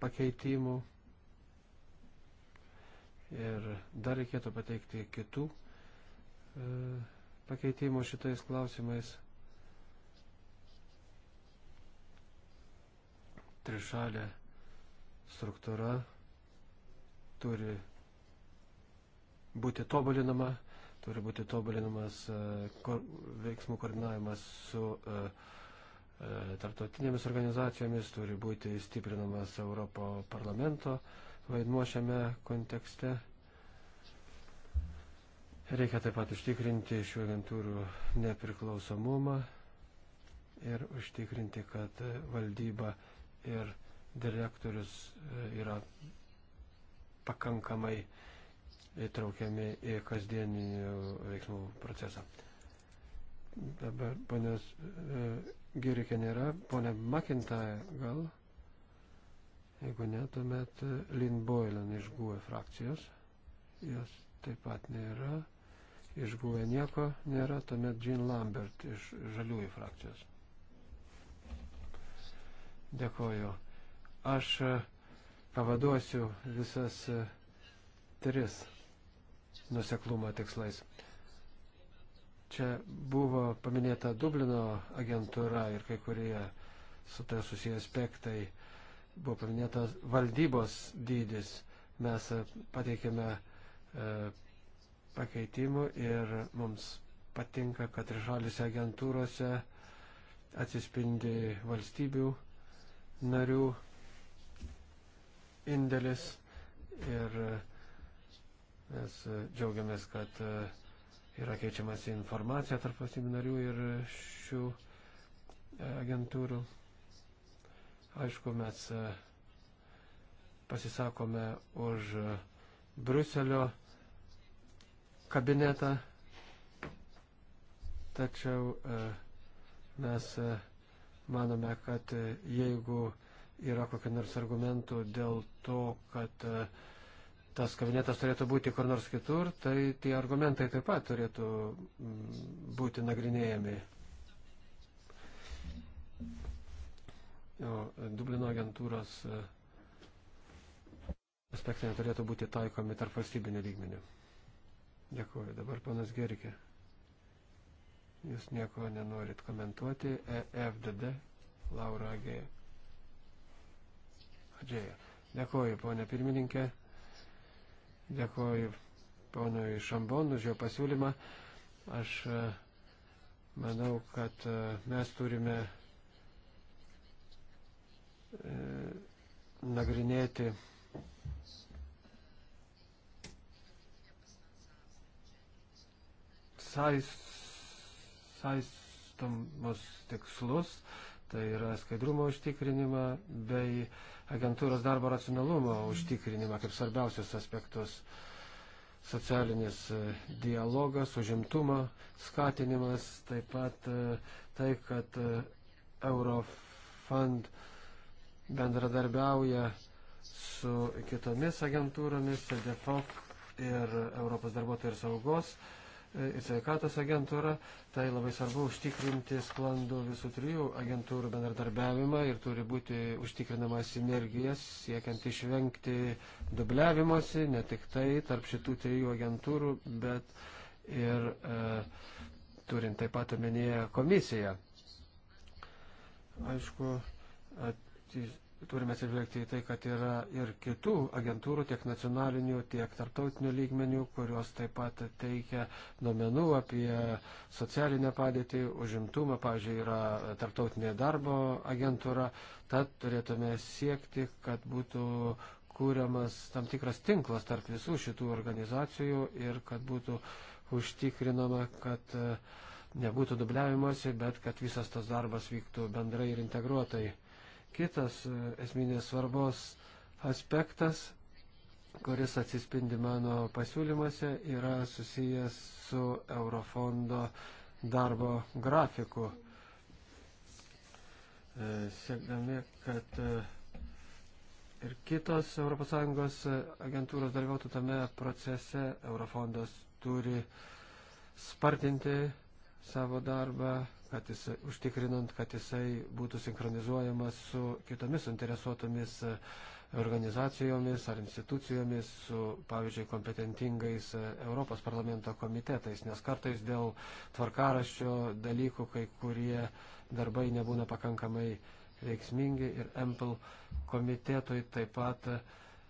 pakeitimų ir dar reikėtų pateikti kitų e, pakeitimų šitais klausimais. Trišalė struktūra turi būti tobulinama, turi būti tobulinamas e, veiksmų koordinavimas su e, e, tarptautinėmis organizacijomis, turi būti stiprinamas Europo parlamento vaidmuo šiame kontekste. Reikia taip pat užtikrinti šių agentūrų nepriklausomumą ir užtikrinti, kad valdyba ir direktorius e, yra pakankamai įtraukiami į kasdienį veiksmų procesą. Dabar ponios e, Girikė nėra, ponia Makinta gal, jeigu ne, tuomet e, Lynn Boylan iš GUE frakcijos, jos taip pat nėra, iš GUE nieko nėra, tuomet Jean Lambert iš Žaliųjų frakcijos. Dėkoju. Aš e, pavaduosiu visas e, tris nuseklumo tikslais. Čia buvo paminėta Dublino agentūra ir kai kurie su tai susiję aspektai. Buvo paminėtas valdybos dydis. Mes e, pateikėme e, pakeitimų ir mums patinka, kad trišalėse agentūrose atsispindi valstybių narių indėlis ir mes džiaugiamės, kad e, yra keičiamas informacija tarp valstybių narių ir šių e, agentūrų. Aišku, mes e, pasisakome už Bruselio kabinetą, tačiau mes manome, kad jeigu yra kokiu nors argumentu dėl to, kad e, tas kabinetas turėtų būti kur nors kitur, tai tie argumentai taip pat turėtų mm, būti nagrinėjami. O Dublino agentūros e, aspektai neturėtų būti taikomi tarp valstybinio lygmenio. Dėkuoju. Dabar panas Gerikė. Jūs nieko nenorit komentuoti. EFDD, Laura Agėja. Adžėja. Dėkuoju, ponė pirmininkė. Dėkuoju ponui Šambon už jo pasiūlymą. Aš e, manau, kad e, mes turime e, nagrinėti saistomos tikslus Tai yra skaidrumo užtikrinimą bei agentūros darbo racionalumo užtikrinimą kaip svarbiausius aspektus. Socialinis e, dialogas, užimtumo skatinimas, taip pat e, tai, kad e, Eurofund bendradarbiauja su kitomis agentūromis, CDFOC ir Europos darbuotojų ir saugos E, ir sveikatos agentūra, tai labai svarbu užtikrinti sklandų visų trijų agentūrų bendradarbiavimą ir turi būti užtikrinama sinergija siekiant išvengti dubliavimosi, ne tik tai tarp šitų trijų agentūrų, bet ir e, turint taip pat omenyje komisiją. Aišku, at, turime atsižvelgti į tai, kad yra ir kitų agentūrų, tiek nacionalinių, tiek tarptautinių lygmenių, kurios taip pat teikia domenų apie socialinę padėtį, užimtumą, pavyzdžiui, yra tarptautinė darbo agentūra, tad turėtume siekti, kad būtų kūriamas tam tikras tinklas tarp visų šitų organizacijų ir kad būtų užtikrinama, kad e, nebūtų dubliavimuose, bet kad visas tas darbas vyktų bendrai ir integruotai. Kitas e, esminės svarbos aspektas, kuris atsispindi mano pasiūlymuose, yra susijęs su Eurofondo darbo grafiku. E, siekdami, kad e, ir kitos ES agentūros dalyvautų tame procese, Eurofondas turi spartinti savo darbą kad jis, užtikrinant, kad jisai būtų sinchronizuojamas su kitomis interesuotomis e, organizacijomis ar institucijomis, su, pavyzdžiui, kompetentingais e, Europos parlamento komitetais, nes kartais dėl tvarkaraščio dalykų kai kurie darbai nebūna pakankamai veiksmingi ir MPL komitetui taip pat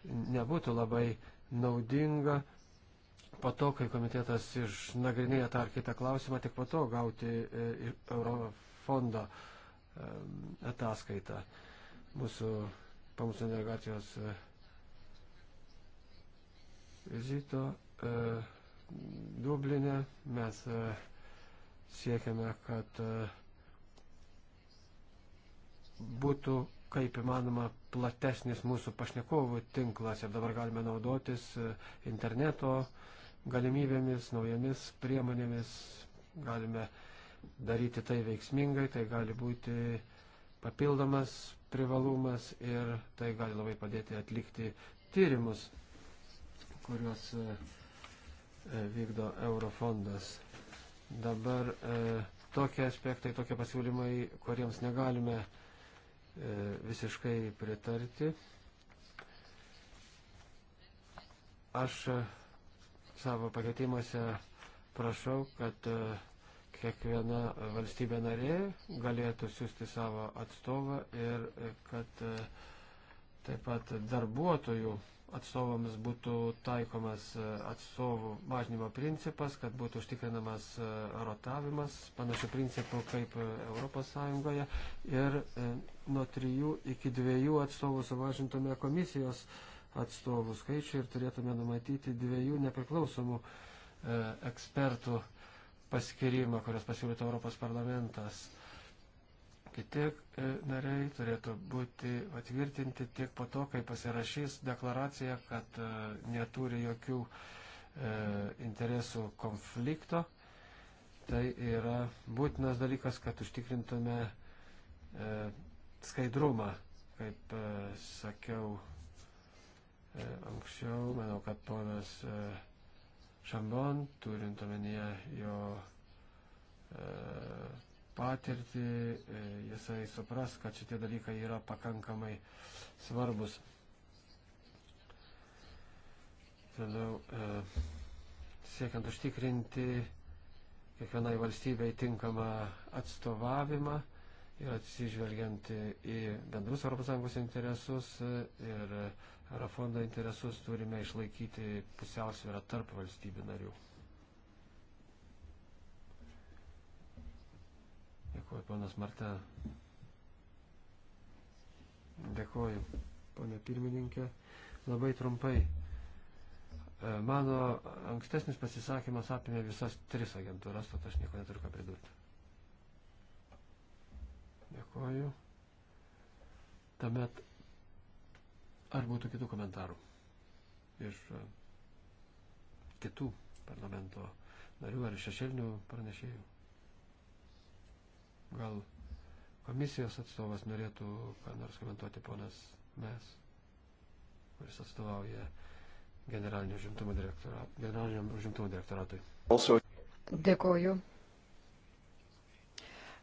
nebūtų labai naudinga po to, kai komitetas išnagrinėja tą ar kitą klausimą, tik po to gauti e, Eurofondo e, ataskaitą mūsų, po mūsų delegacijos e, vizito Dublinė. Mes siekiame, kad būtų kaip įmanoma platesnis mūsų pašnekovų tinklas ir dabar galime naudotis interneto galimybėmis, naujomis priemonėmis galime daryti tai veiksmingai, tai gali būti papildomas privalumas ir tai gali labai padėti atlikti tyrimus, kuriuos e, e, vykdo Eurofondas. Dabar e, tokie aspektai, tokie pasiūlymai, kuriems negalime visiškai pritarti. Aš savo pakeitimuose prašau, kad e, kiekviena valstybė narė galėtų siūsti savo atstovą ir e, kad e, taip pat darbuotojų atstovams būtų taikomas atstovų mažinimo principas, kad būtų užtikrinamas rotavimas, panašių principų kaip ES ir nuo trijų iki dviejų atstovų sumažintume komisijos uh, atstovų skaičių ir turėtume numatyti dviejų nepriklausomų e, ekspertų paskirimą, kurios pasiūlytų Europos parlamentas. Kiti e, nariai turėtų būti patvirtinti tik po to, kai pasirašys deklaraciją, kad e, neturi jokių interesų konflikto. Tai yra būtinas dalykas, kad užtikrintume skaidrumą, kaip sakiau E, anksčiau. Manau, kad ponas e, Šambon, turint omenyje jo e, patirtį, jisai supras, kad šitie dalykai yra pakankamai svarbus. Toliau, siekiant užtikrinti kiekvienai valstybei tinkamą atstovavimą ir atsižvelgiant į bendrus ES interesus ir Eurofondo interesus turime išlaikyti pusiausvyrą tarp valstybių narių. Dėkuoju, panas Marta. Dėkuoju, ponė pirmininkė. Labai trumpai. E, mano ankstesnis pasisakymas apėmė visas tris agentūras, tad aš nieko neturiu ką pridurti. Dėkuoju. Tuomet Ar būtų kitų komentarų iš e, kitų parlamento narių ar šešėlinių pranešėjų? Gal komisijos atstovas norėtų ką nors komentuoti ponas mes, kuris atstovauja generalinio žimtumo direktoratui. direktoratui. Also... Dėkoju.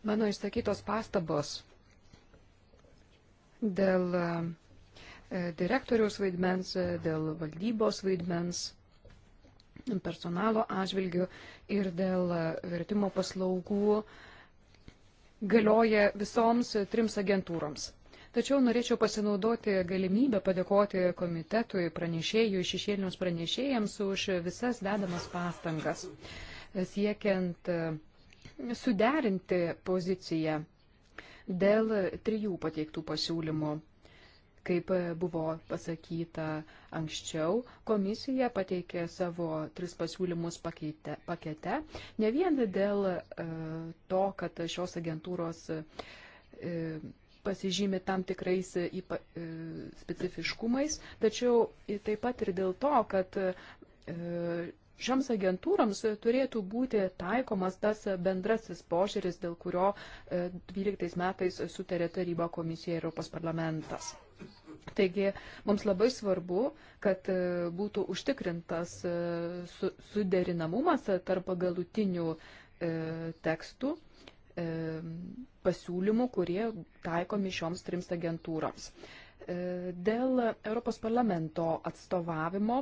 Mano išsakytos pastabos dėl e, E, direktoriaus vaidmens, e, dėl valdybos vaidmens, personalo atžvilgių ir dėl e, vertimo paslaugų galioja visoms trims agentūroms. Tačiau norėčiau pasinaudoti galimybę padėkoti komitetui, pranešėjui, šešėlinius pranešėjams už visas dedamas pastangas, siekiant suderinti poziciją dėl trijų pateiktų pasiūlymų Kaip e, buvo pasakyta anksčiau, komisija pateikė savo tris pasiūlymus pakeite, pakete, ne vien dėl e, to, kad šios agentūros e, pasižymi tam tikrais e, ypa, e, specifiškumais, tačiau taip pat ir dėl to, kad e, Šioms agentūroms turėtų būti taikomas tas bendrasis požiūris, dėl kurio 12 e, metais sutarė taryba komisija ir Europos parlamentas. Taigi mums labai svarbu, kad e, būtų užtikrintas e, suderinamumas e, tarp galutinių tekstų pasiūlymų, kurie taikomi šioms trims agentūroms. Dėl Europos parlamento atstovavimo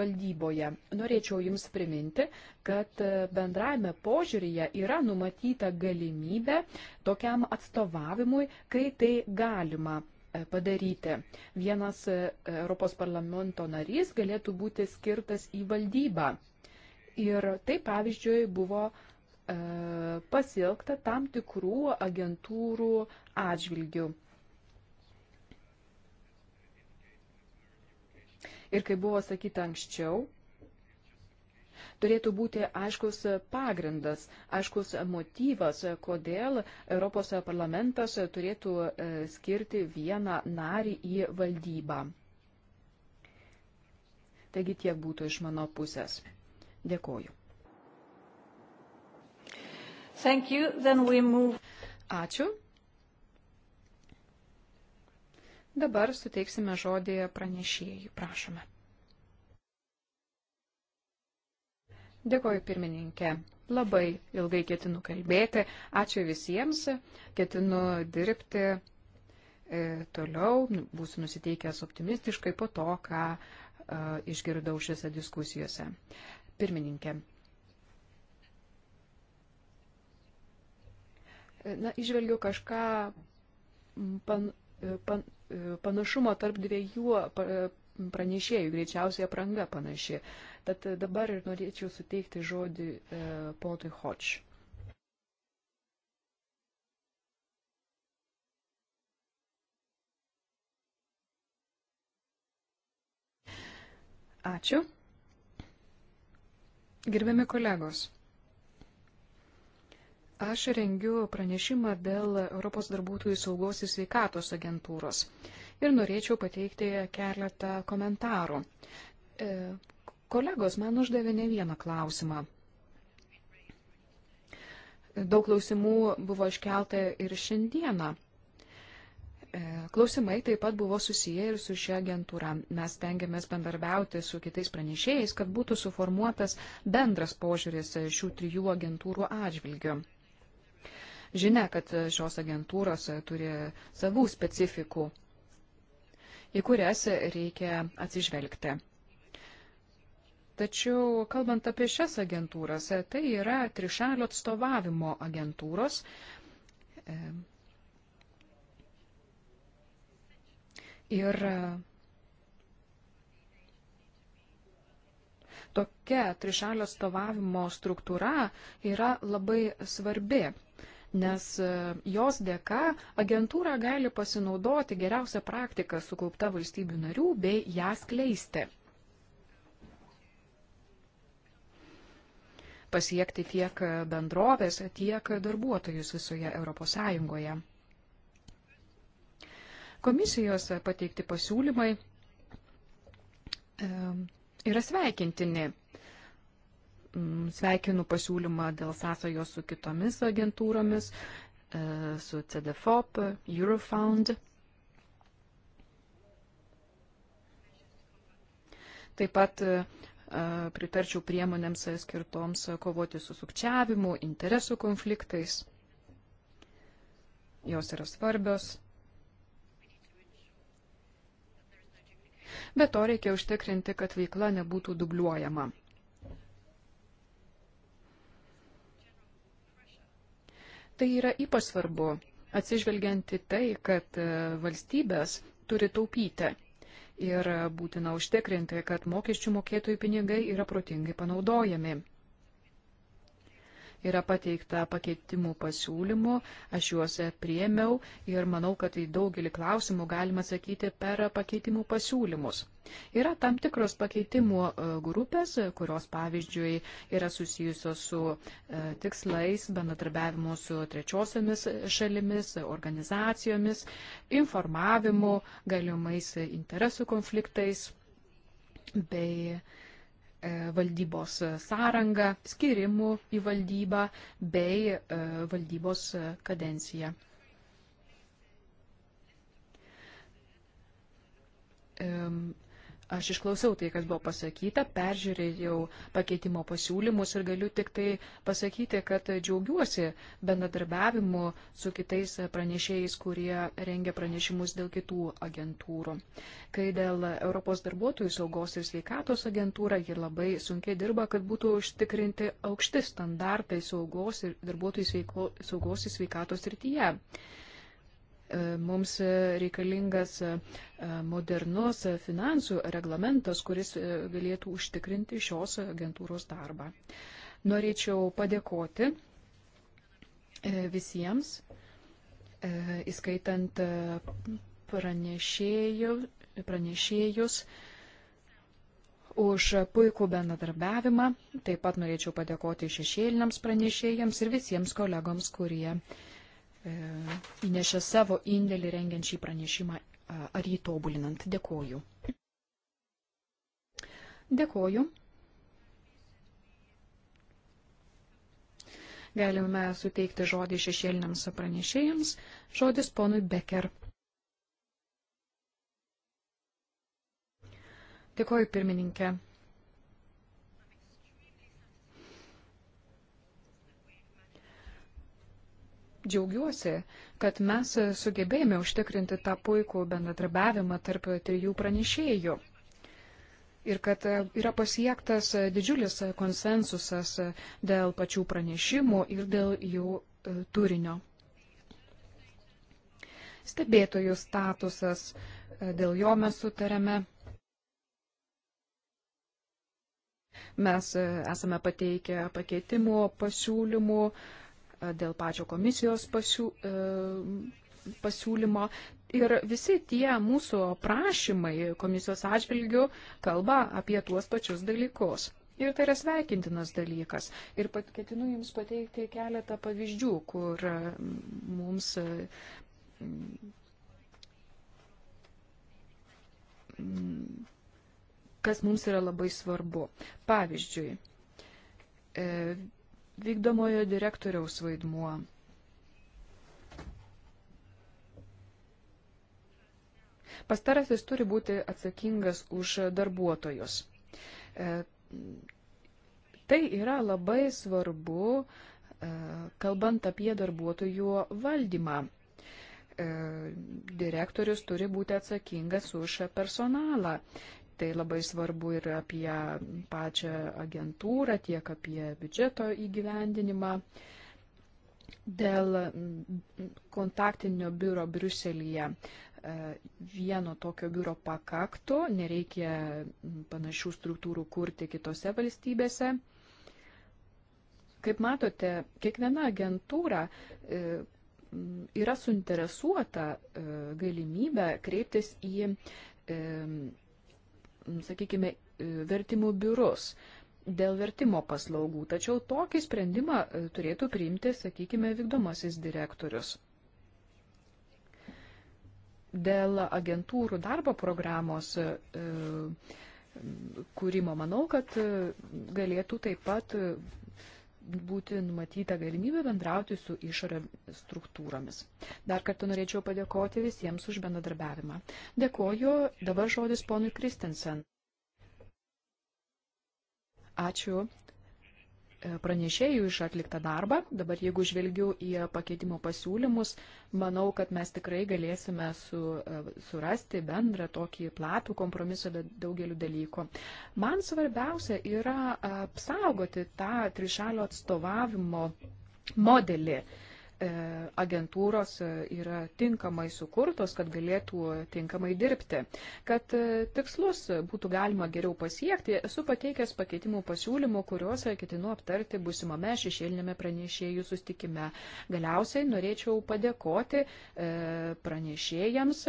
valdyboje norėčiau Jums priminti, kad bendraime požiūrėje yra numatyta galimybė tokiam atstovavimui, kai tai galima E, padaryti. Vienas e, Europos parlamento narys galėtų būti skirtas į valdybą. Ir tai pavyzdžiui buvo e, pasilgta tam tikrų agentūrų atžvilgių. Ir kaip buvo sakyta anksčiau, turėtų būti aiškus pagrindas, aiškus motyvas, kodėl Europos parlamentas turėtų e, skirti vieną narį į valdybą. Taigi tiek būtų iš mano pusės. Dėkoju. Ačiū. Dabar suteiksime žodį pranešėjui. Prašome. Dėkoju pirmininkė. Labai ilgai ketinu kalbėti. Ačiū visiems. Ketinu dirbti e, toliau. Būsiu nusiteikęs optimistiškai po to, ką e, išgirdau šiose diskusijose. Pirmininkė. Na, išvelgiu kažką pan, e, pan, e, panašumo tarp dviejų pranešėjų, greičiausiai apranga panaši. Tad dabar ir norėčiau suteikti žodį e, Poltui Hodž. Ačiū. Gerbiami kolegos. Aš rengiu pranešimą dėl Europos darbuotojų saugos ir sveikatos agentūros. E, ir norėčiau pateikti keletą komentarų. E, kolegos man uždavė ne vieną klausimą. Daug klausimų buvo iškelta ir šiandieną. E, klausimai taip pat buvo susiję ir su šia agentūra. Mes tengiamės bendarbiauti su kitais pranešėjais, kad būtų suformuotas bendras požiūris šių trijų agentūrų atžvilgių. Žinia, kad šios agentūros turi savų specifikų į kurias reikia atsižvelgti. Tačiau, kalbant apie šias agentūras, tai yra trišalio atstovavimo agentūros. Ir tokia trišalio atstovavimo struktūra yra labai svarbi nes e, jos dėka agentūra gali pasinaudoti geriausią praktiką sukaupta valstybių narių bei ją skleisti. pasiekti tiek bendrovės, tiek darbuotojus visoje ES. Komisijos pateikti pasiūlymai e, yra sveikintini. Mm, sveikinu pasiūlymą dėl sąsajos su kitomis agentūromis, e, su CDFOP, Eurofound. Taip pat e, e, pritarčiau priemonėms skirtoms kovoti su sukčiavimu, interesų konfliktais. Jos yra svarbios. Be to reikia užtikrinti, kad veikla nebūtų dubliuojama. Tai yra ypač svarbu, atsižvelgianti tai, kad e, valstybės turi taupyti ir būtina užtikrinti, kad mokesčių mokėtojų pinigai yra protingai panaudojami yra pateikta pakeitimų pasiūlymų, aš juos priemiau ir manau, kad į daugelį klausimų galima sakyti per pakeitimų pasiūlymus. Yra tam tikros pakeitimų e, grupės, kurios pavyzdžiui yra susijusios su e, tikslais, bendradarbiavimu su trečiosiamis šalimis, organizacijomis, informavimu, galimais interesų konfliktais bei uh, E, valdybos sąrangą, skirimų į valdybą bei e, valdybos kadenciją. Aš išklausiau tai, kas buvo pasakyta, peržiūrėjau pakeitimo pasiūlymus ir galiu tik tai pasakyti, kad džiaugiuosi bendradarbiavimu su kitais pranešėjais, kurie rengia pranešimus dėl kitų agentūrų. Kai dėl Europos darbuotojų saugos ir sveikatos agentūra, ji labai sunkiai dirba, kad būtų užtikrinti aukšti standartai saugos ir darbuotojų sveiko, saugos ir sveikatos rytyje. Mums reikalingas e, modernus finansų reglamentas, kuris e, galėtų užtikrinti šios agentūros darbą. Norėčiau padėkoti e, visiems, įskaitant pranešėjų, pranešėjus už puikų bendradarbiavimą. Taip pat norėčiau padėkoti šešėliniams pranešėjams ir visiems kolegoms, kurie uh, E, įnešė savo indėlį rengiant šį pranešimą ar jį tobulinant. Dėkoju. Dėkoju. Galime suteikti žodį šešėliniams pranešėjams. Žodis ponui Becker. Dėkoju pirmininkė. džiaugiuosi, kad mes sugebėjome užtikrinti tą puikų bendradarbiavimą tarp trijų pranešėjų. Ir kad yra pasiektas didžiulis konsensusas dėl pačių pranešimų ir dėl jų e, turinio. Stebėtojų statusas, e, dėl jo mes sutarėme. Mes e, esame pateikę pakeitimų, pasiūlymų, dėl pačio komisijos pasiū, e, pasiūlymo. Ir visi tie mūsų prašymai komisijos atžvilgių kalba apie tuos pačius dalykus. Ir tai yra sveikintinas dalykas. Ir pat ketinu Jums pateikti keletą pavyzdžių, kur mm, mums mm, kas mums yra labai svarbu. Pavyzdžiui, e, vykdomojo direktoriaus vaidmuo. Pastarasis turi būti atsakingas už darbuotojus. E, tai yra labai svarbu, e, kalbant apie darbuotojų valdymą. E, direktorius turi būti atsakingas už personalą Tai labai svarbu ir apie pačią agentūrą, tiek apie biudžeto įgyvendinimą. Dėl kontaktinio biuro Briuselėje e, vieno tokio biuro pakaktų, nereikia panašių struktūrų kurti kitose valstybėse. Kaip matote, kiekviena agentūra e, yra suinteresuota e, galimybę kreiptis į sakykime, e, vertimų biurus dėl vertimo paslaugų, tačiau tokį sprendimą e, turėtų priimti, sakykime, vykdomasis direktorius. Dėl agentūrų darbo programos e, kūrimo manau, kad galėtų taip pat būti numatyta galimybė bendrauti su išorė struktūromis. Dar kartą norėčiau padėkoti visiems už bendradarbiavimą. Dėkoju, dabar žodis ponui Kristensen. Ačiū pranešėjų iš atliktą darbą. Dabar jeigu žvelgiu į pakeitimo pasiūlymus, manau, kad mes tikrai galėsime su, e, surasti bendrą tokį platų kompromisą daugeliu dalykų. Man svarbiausia yra apsaugoti tą trišalio atstovavimo modelį. Uh, E, agentūros e, yra tinkamai sukurtos, kad galėtų tinkamai dirbti. Kad e, tikslus būtų galima geriau pasiekti, esu pateikęs pakeitimų pasiūlymų, kuriuos ketinu aptarti busimame šešėlinėme pranešėjų sustikime. Galiausiai norėčiau padėkoti pranešėjams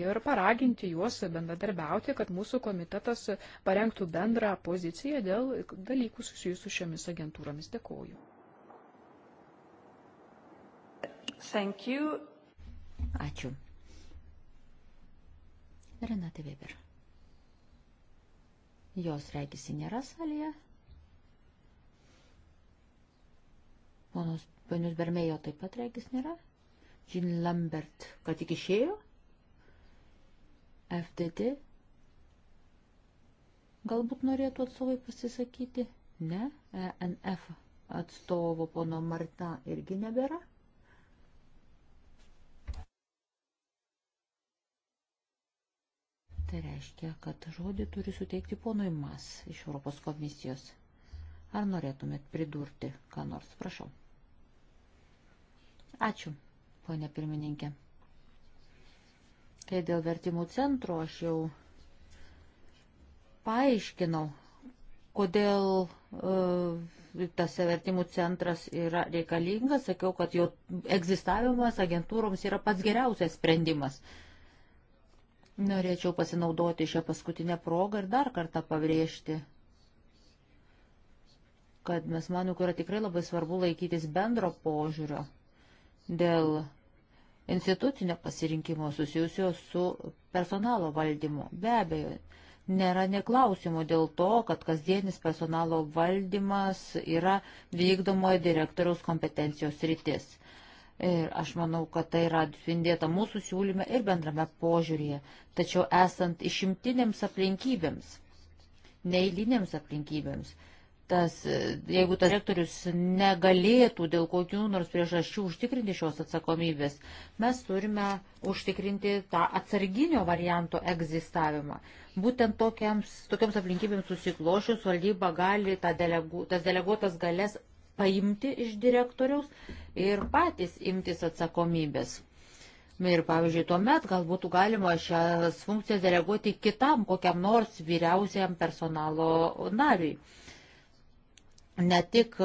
ir paraginti juos bendradarbiauti, kad mūsų komitetas parengtų bendrą poziciją dėl dalykų susijusių šiomis agentūromis. Dėkuoju. Thank you. Ačiū. Renate Weber. Jos reikisi nėra salėje. Ponos, ponius Bermėjo taip pat reikis nėra. Jean Lambert, ką tik išėjo. FDD. Galbūt norėtų atstovai pasisakyti? Ne, ENF atstovo pono Marta irgi nebėra. Tai reiškia, kad žodį turi suteikti ponui Mas iš Europos komisijos. Ar norėtumėt pridurti, ką nors, prašau. Ačiū, ponė pirmininkė. Kai dėl vertimų centro aš jau paaiškinau, kodėl uh, tas vertimų centras yra reikalingas, sakiau, kad jo egzistavimas agentūroms yra pats geriausias sprendimas. Uh, Norėčiau pasinaudoti šią paskutinę progą ir dar kartą pabrėžti, kad mes manau, yra tikrai labai svarbu laikytis bendro požiūrio dėl institucinio pasirinkimo susijusio su personalo valdymu. Be abejo, nėra neklausimų dėl to, kad kasdienis personalo valdymas yra vykdomojo direktoriaus kompetencijos rytis. Ir aš manau, kad tai yra atspindėta mūsų siūlyme ir bendrame požiūrėje. Tačiau esant išimtinėms aplinkybėms, neįlinėms aplinkybėms, tas, e, jeigu tas rektorius negalėtų dėl kokių nors priežasčių užtikrinti šios atsakomybės, mes turime užtikrinti tą atsarginio varianto egzistavimą. Būtent tokiams, tokiams aplinkybėms susiklošius valdyba gali delegu, tas deleguotas galės paimti iš direktoriaus ir patys imtis atsakomybės. Ir pavyzdžiui, tuomet gal būtų galima šias funkcijas deleguoti kitam kokiam nors vyriausiam personalo nariui. Ne tik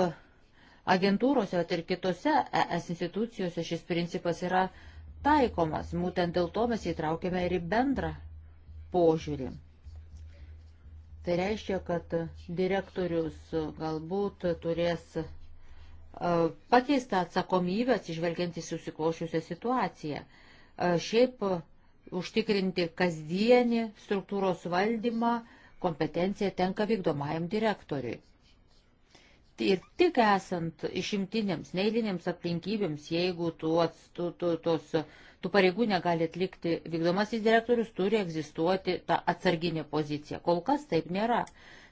agentūrose, bet ir kitose ES institucijose šis principas yra taikomas. Būtent dėl to mes įtraukėme ir į bendrą požiūrį. Tai reiškia, kad direktorius galbūt turės E, pakeista atsakomybė atsižvelgiant į susiklošiusią situaciją. E, šiaip e, užtikrinti kasdienį struktūros valdymą kompetencija tenka vykdomajam direktoriui. Ir tik esant išimtinėms, neįlinėms aplinkybėms, jeigu tu, tu, tu, tos, tu pareigų negali atlikti, vykdomasis direktorius turi egzistuoti tą atsarginę poziciją. Kol kas taip nėra.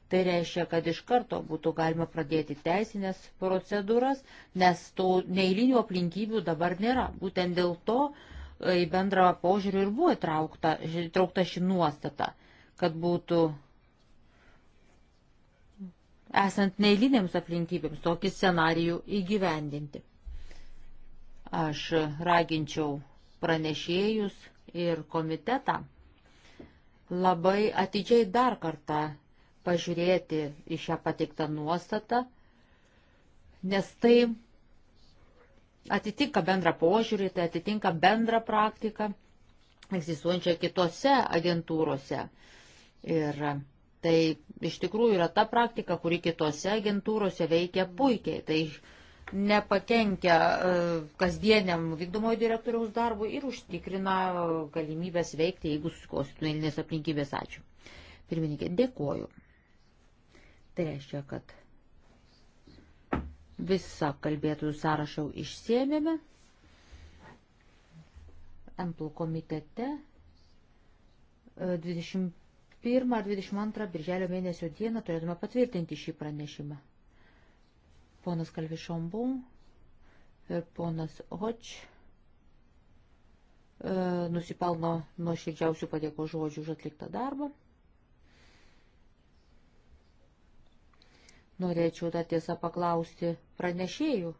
Tai reiškia, kad iš karto būtų galima pradėti teisinės procedūras, nes tų neįlinių aplinkybių dabar nėra. Būtent dėl to e, į bendrą požiūrį ir buvo įtraukta, įtraukta ši nuostata, kad būtų esant neįlinėms aplinkybėms tokį scenarijų įgyvendinti. Aš raginčiau pranešėjus ir komitetą labai atidžiai dar kartą pažiūrėti į šią pateiktą nuostatą, nes tai atitinka bendrą požiūrį, tai atitinka bendrą praktiką egzistuojančią kitose agentūrose. Ir tai iš tikrųjų yra ta praktika, kuri kitose agentūrose veikia puikiai. Tai nepakenkia e, kasdieniam vykdomojo direktoriaus darbui ir užtikrina galimybės veikti, jeigu susikostų eilinės aplinkybės. Ačiū. Pirmininkė, dėkoju. Tai reiškia, kad visą kalbėtojų sąrašą jau išsiemėme. Amplų komitete 21 e, ar 22 birželio mėnesio dieną turėtume patvirtinti šį pranešimą. Ponas Kalvišombum ir ponas Hoč e, nusipelno nuo širdžiausių padėko žodžių už atliktą darbą. Norėčiau tą tiesą paklausti pranešėjų.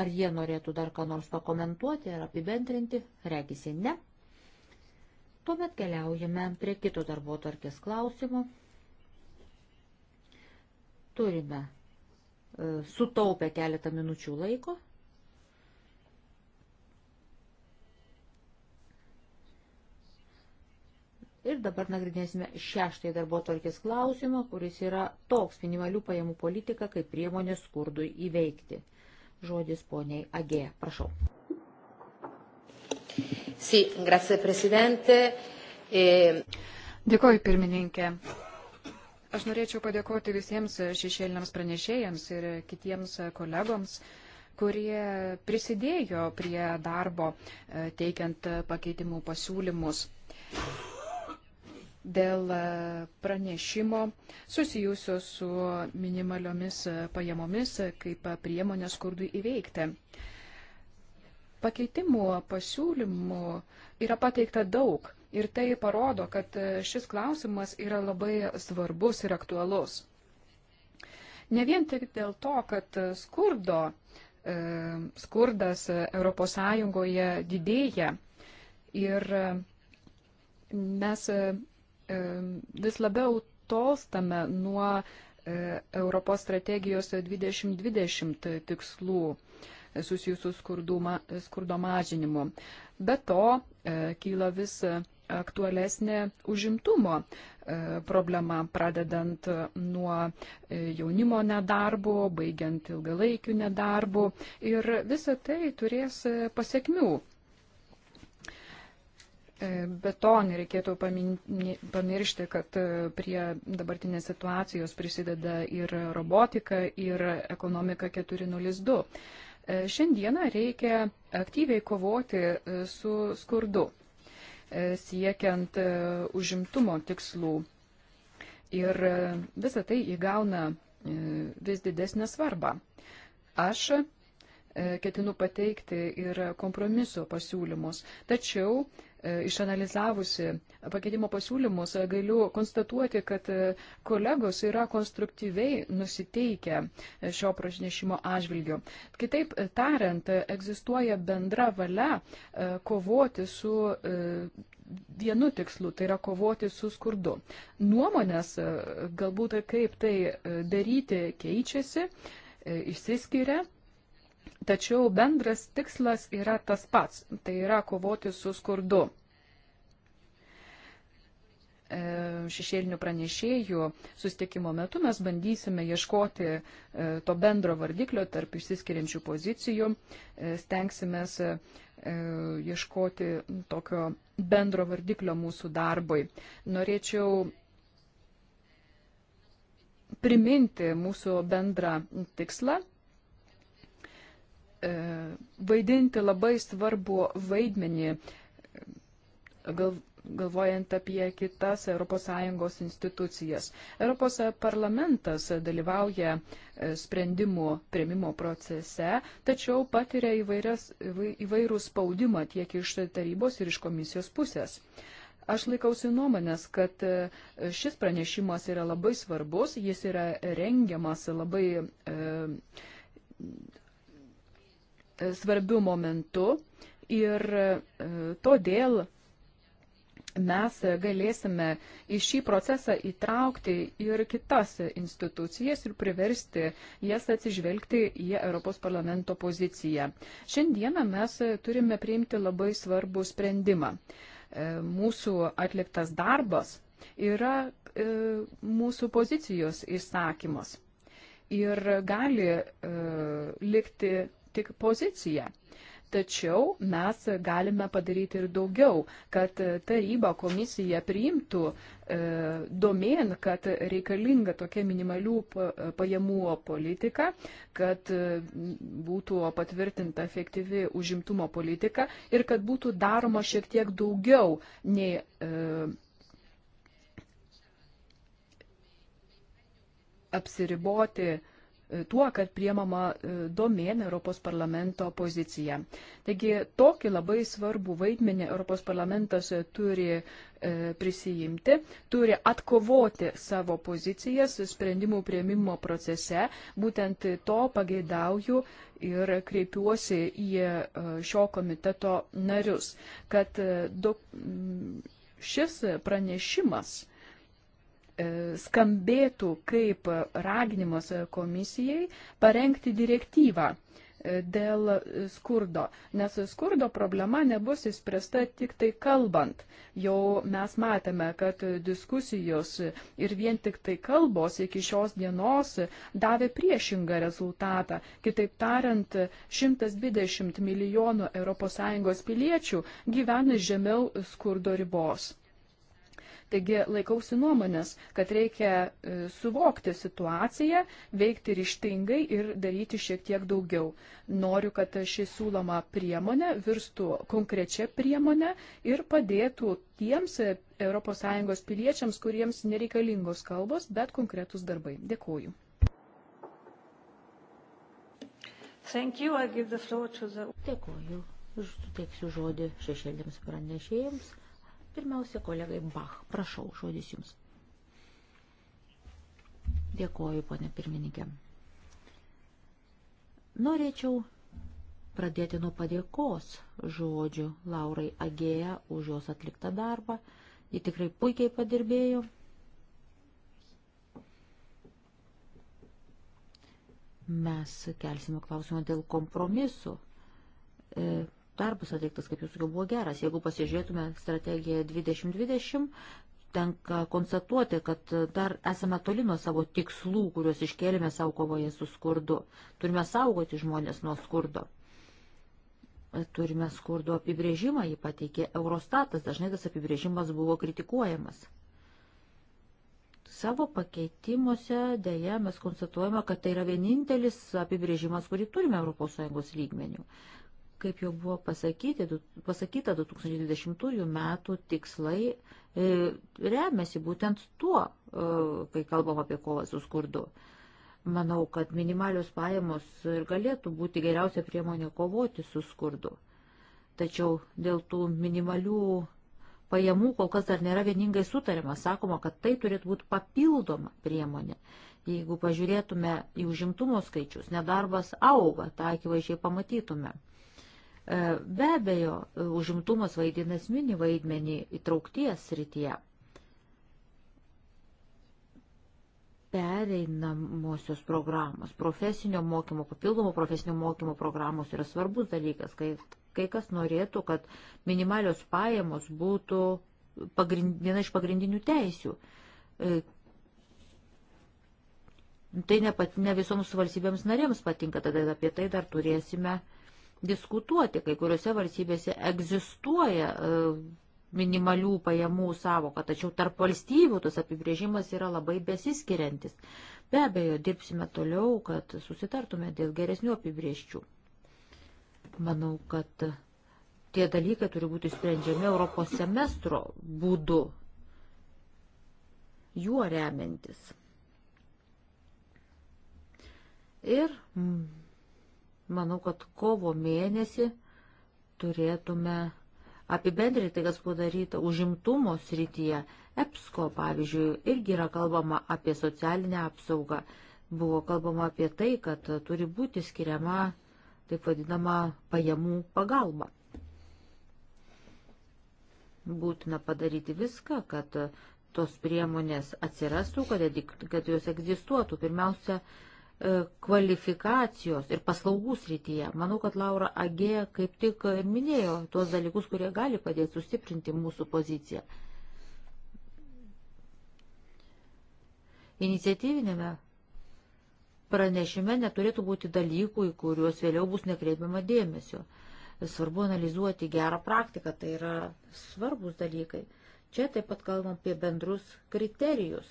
Ar jie norėtų dar ką nors pakomentuoti ar apibendrinti? Regisi ne. Tuomet keliaujame prie kito darbo tarkės klausimo. Turime e, sutaupę keletą minučių laiko Ir dabar nagrinėsime šeštąjį darbo tvarkės klausimą, kuris yra toks minimalių pajamų politika, kaip priemonė skurdui įveikti. Žodis poniai Agė, prašau. Sí, grazie, prezidente. E... Eh, Dėkoju, pirmininkė. Aš norėčiau padėkoti visiems šešėliniams pranešėjams ir kitiems kolegoms kurie prisidėjo prie darbo eh, teikiant pakeitimų pasiūlymus dėl e, pranešimo susijusio su minimaliomis e, pajamomis e, kaip priemonė skurdui įveikti. Pakeitimų pasiūlymų yra pateikta daug ir tai parodo, kad šis klausimas yra labai svarbus ir aktualus. Ne vien tik dėl to, kad skurdo, skurdas ES didėja ir mes vis labiau tolstame nuo e, Europos strategijos 2020 tikslų susijusių skurdo mažinimu. Be to, e, kyla vis aktualesnė užimtumo e, problema, pradedant nuo jaunimo nedarbo, baigiant ilgalaikių nedarbų ir visa tai turės pasiekmių E, be to nereikėtų pamiršti, kad e, prie dabartinės situacijos prisideda ir robotika, ir ekonomika 402. E, šiandieną reikia aktyviai kovoti su skurdu, siekiant užimtumo tikslų. Ir visa tai įgauna vis didesnę svarbą. Aš ketinu pateikti ir kompromiso pasiūlymus, tačiau E, išanalizavusi pakeitimo pasiūlymus, e, galiu konstatuoti, kad e, kolegos yra konstruktyviai nusiteikę šio pranešimo atžvilgiu. Kitaip tariant, egzistuoja bendra valia kovoti su vienu tikslu, tai yra kovoti su skurdu. Nuomonės galbūt kaip tai daryti keičiasi, išsiskiria Tačiau bendras tikslas yra tas pats - tai yra kovoti su skurdu. E, šešėlinių pranešėjų sustikimo metu mes bandysime ieškoti e, to bendro vardiklio tarp išsiskiriančių pozicijų, e, stengsime ieškoti tokio bendro vardiklio mūsų darbui. Norėčiau priminti mūsų bendrą tikslą E, vaidinti labai svarbu vaidmenį, e, gal, galvojant apie kitas ES institucijas. ES parlamentas dalyvauja e, sprendimų prieimimo procese, tačiau patiria įvairias, įvairų spaudimą tiek iš tarybos ir iš komisijos pusės. Aš laikausi nuomonės, kad šis pranešimas yra labai svarbus, jis yra rengiamas labai e, svarbiu momentu ir e, todėl mes galėsime į šį procesą įtraukti ir kitas institucijas ir priversti jas atsižvelgti į Europos parlamento poziciją. Šiandieną mes turime priimti labai svarbų sprendimą. E, mūsų atliktas darbas yra e, mūsų pozicijos įsakymas ir gali likti tik poziciją. Tačiau mes galime padaryti ir daugiau, kad taryba komisija priimtų e, domen, kad reikalinga tokia minimalių pajamų politika, kad e, būtų patvirtinta efektyvi užimtumo politika ir kad būtų daroma šiek tiek daugiau nei. E, apsiriboti tuo, kad priemama e, domėn Europos parlamento pozicija. Taigi tokį labai svarbų vaidmenį Europos parlamentas turi e, prisijimti, turi atkovoti savo pozicijas sprendimų prieimimo procese. Būtent to pageidauju ir kreipiuosi į e, šio komiteto narius, kad šis pranešimas E, skambėtų kaip raginimas komisijai parengti direktyvą e, dėl skurdo, nes skurdo problema nebus įspręsta tik tai kalbant. Jau mes matėme, kad diskusijos ir vien tik tai kalbos iki šios dienos davė priešingą rezultatą. Kitaip tariant, 120 milijonų ES piliečių gyvena žemiau skurdo ribos. Taigi laikausi nuomonės, kad reikia e, suvokti situaciją, veikti ryštingai ir daryti šiek tiek daugiau. Noriu, kad ši siūloma priemonė virstų konkrečia priemonė ir padėtų tiems ES piliečiams, kuriems nereikalingos kalbos, bet konkretus darbai. Dėkuoju. The... Dėkuoju. Suteiksiu žodį šešėlėms pranešėjams. Pirmiausia, kolegai Bach, prašau, žodis jums. Dėkoju, ponė pirmininkė. Norėčiau pradėti nuo padėkos žodžių Laurai Agėja už jos atliktą darbą. Ji tikrai puikiai padirbėjo. Mes kelsime klausimą dėl kompromisų. E, darbas atliktas, kaip jūs sakiau, buvo geras. Jeigu pasižiūrėtume strategiją 2020, tenka konstatuoti, kad dar esame toli nuo savo tikslų, kuriuos iškėlėme savo kovoje su skurdu. Turime saugoti žmonės nuo skurdo. Turime skurdo apibrėžimą, jį pateikė Eurostatas, dažnai tas apibrėžimas buvo kritikuojamas. Savo pakeitimuose dėja mes konstatuojame, kad tai yra vienintelis apibrėžimas, kurį turime ES lygmenių. Kaip jau buvo pasakyti, pasakyta, 2020 metų tikslai e, remiasi būtent tuo, e, kai kalbam apie kovą su skurdu. Manau, kad minimalios pajamos ir galėtų būti geriausia priemonė kovoti su skurdu. Tačiau dėl tų minimalių pajamų kol kas dar nėra vieningai sutarima. Sakoma, kad tai turėtų būti papildoma priemonė. Jeigu pažiūrėtume į užimtumo skaičius, nedarbas auga, tą akivaizdžiai pamatytume. E, be abejo, užimtumas vaidina esminį vaidmenį įtraukties srityje. Pereinamosios programos, profesinio mokymo, papildomo profesinio mokymo programos yra svarbus dalykas, kai, kai kas norėtų, kad minimalios pajamos būtų pagrind, viena iš pagrindinių teisių. E, tai ne, pat, ne visoms valstybėms narėms patinka, tada apie tai dar turėsime uh, diskutuoti. Kai kuriuose valstybėse egzistuoja e, minimalių pajamų savoka, tačiau tarp valstybių tas apibrėžimas yra labai besiskiriantis. Be abejo, dirbsime toliau, kad susitartume dėl geresnių apibrėžčių. Manau, kad tie dalykai turi būti sprendžiami Europos semestro būdu, juo remiantis. Ir Manau, kad kovo mėnesį turėtume apibendrinti tai, kas padaryta užimtumo srityje. EPSCO, pavyzdžiui, irgi yra kalbama apie socialinę apsaugą. Buvo kalbama apie tai, kad turi būti skiriama taip vadinama pajamų pagalba. Būtina padaryti viską, kad tos priemonės atsirastų, kad, kad jos egzistuotų. Pirmiausia, E, kvalifikacijos ir paslaugų srityje. Manau, kad Laura Agė kaip tik ir minėjo tuos dalykus, kurie gali padėti sustiprinti mūsų poziciją. Iniciatyvinėme pranešime neturėtų būti dalykų, į kuriuos vėliau bus nekreipiama dėmesio. Svarbu analizuoti gerą praktiką, tai yra svarbus dalykai. Čia taip pat kalbam apie bendrus kriterijus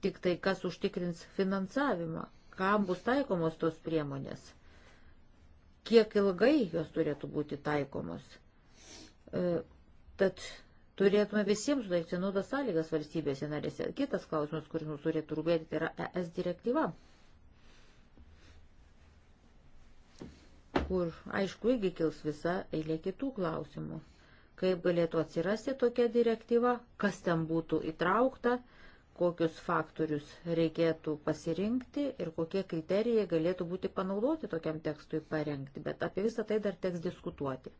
tik tai kas užtikrins finansavimą, kam bus taikomos tos priemonės, kiek ilgai jos turėtų būti taikomos. E, tad turėtume visiems sudaryti vienodas sąlygas valstybėse narėse. Kitas klausimas, kuris mums turėtų rūpėti, tai yra ES direktyva. kur, aišku, irgi kils visa eilė kitų klausimų. Kaip galėtų atsirasti tokia direktyva, kas ten būtų įtraukta, kokius faktorius reikėtų pasirinkti ir kokie kriterijai galėtų būti panaudoti tokiam tekstui parengti, bet apie visą tai dar teks diskutuoti.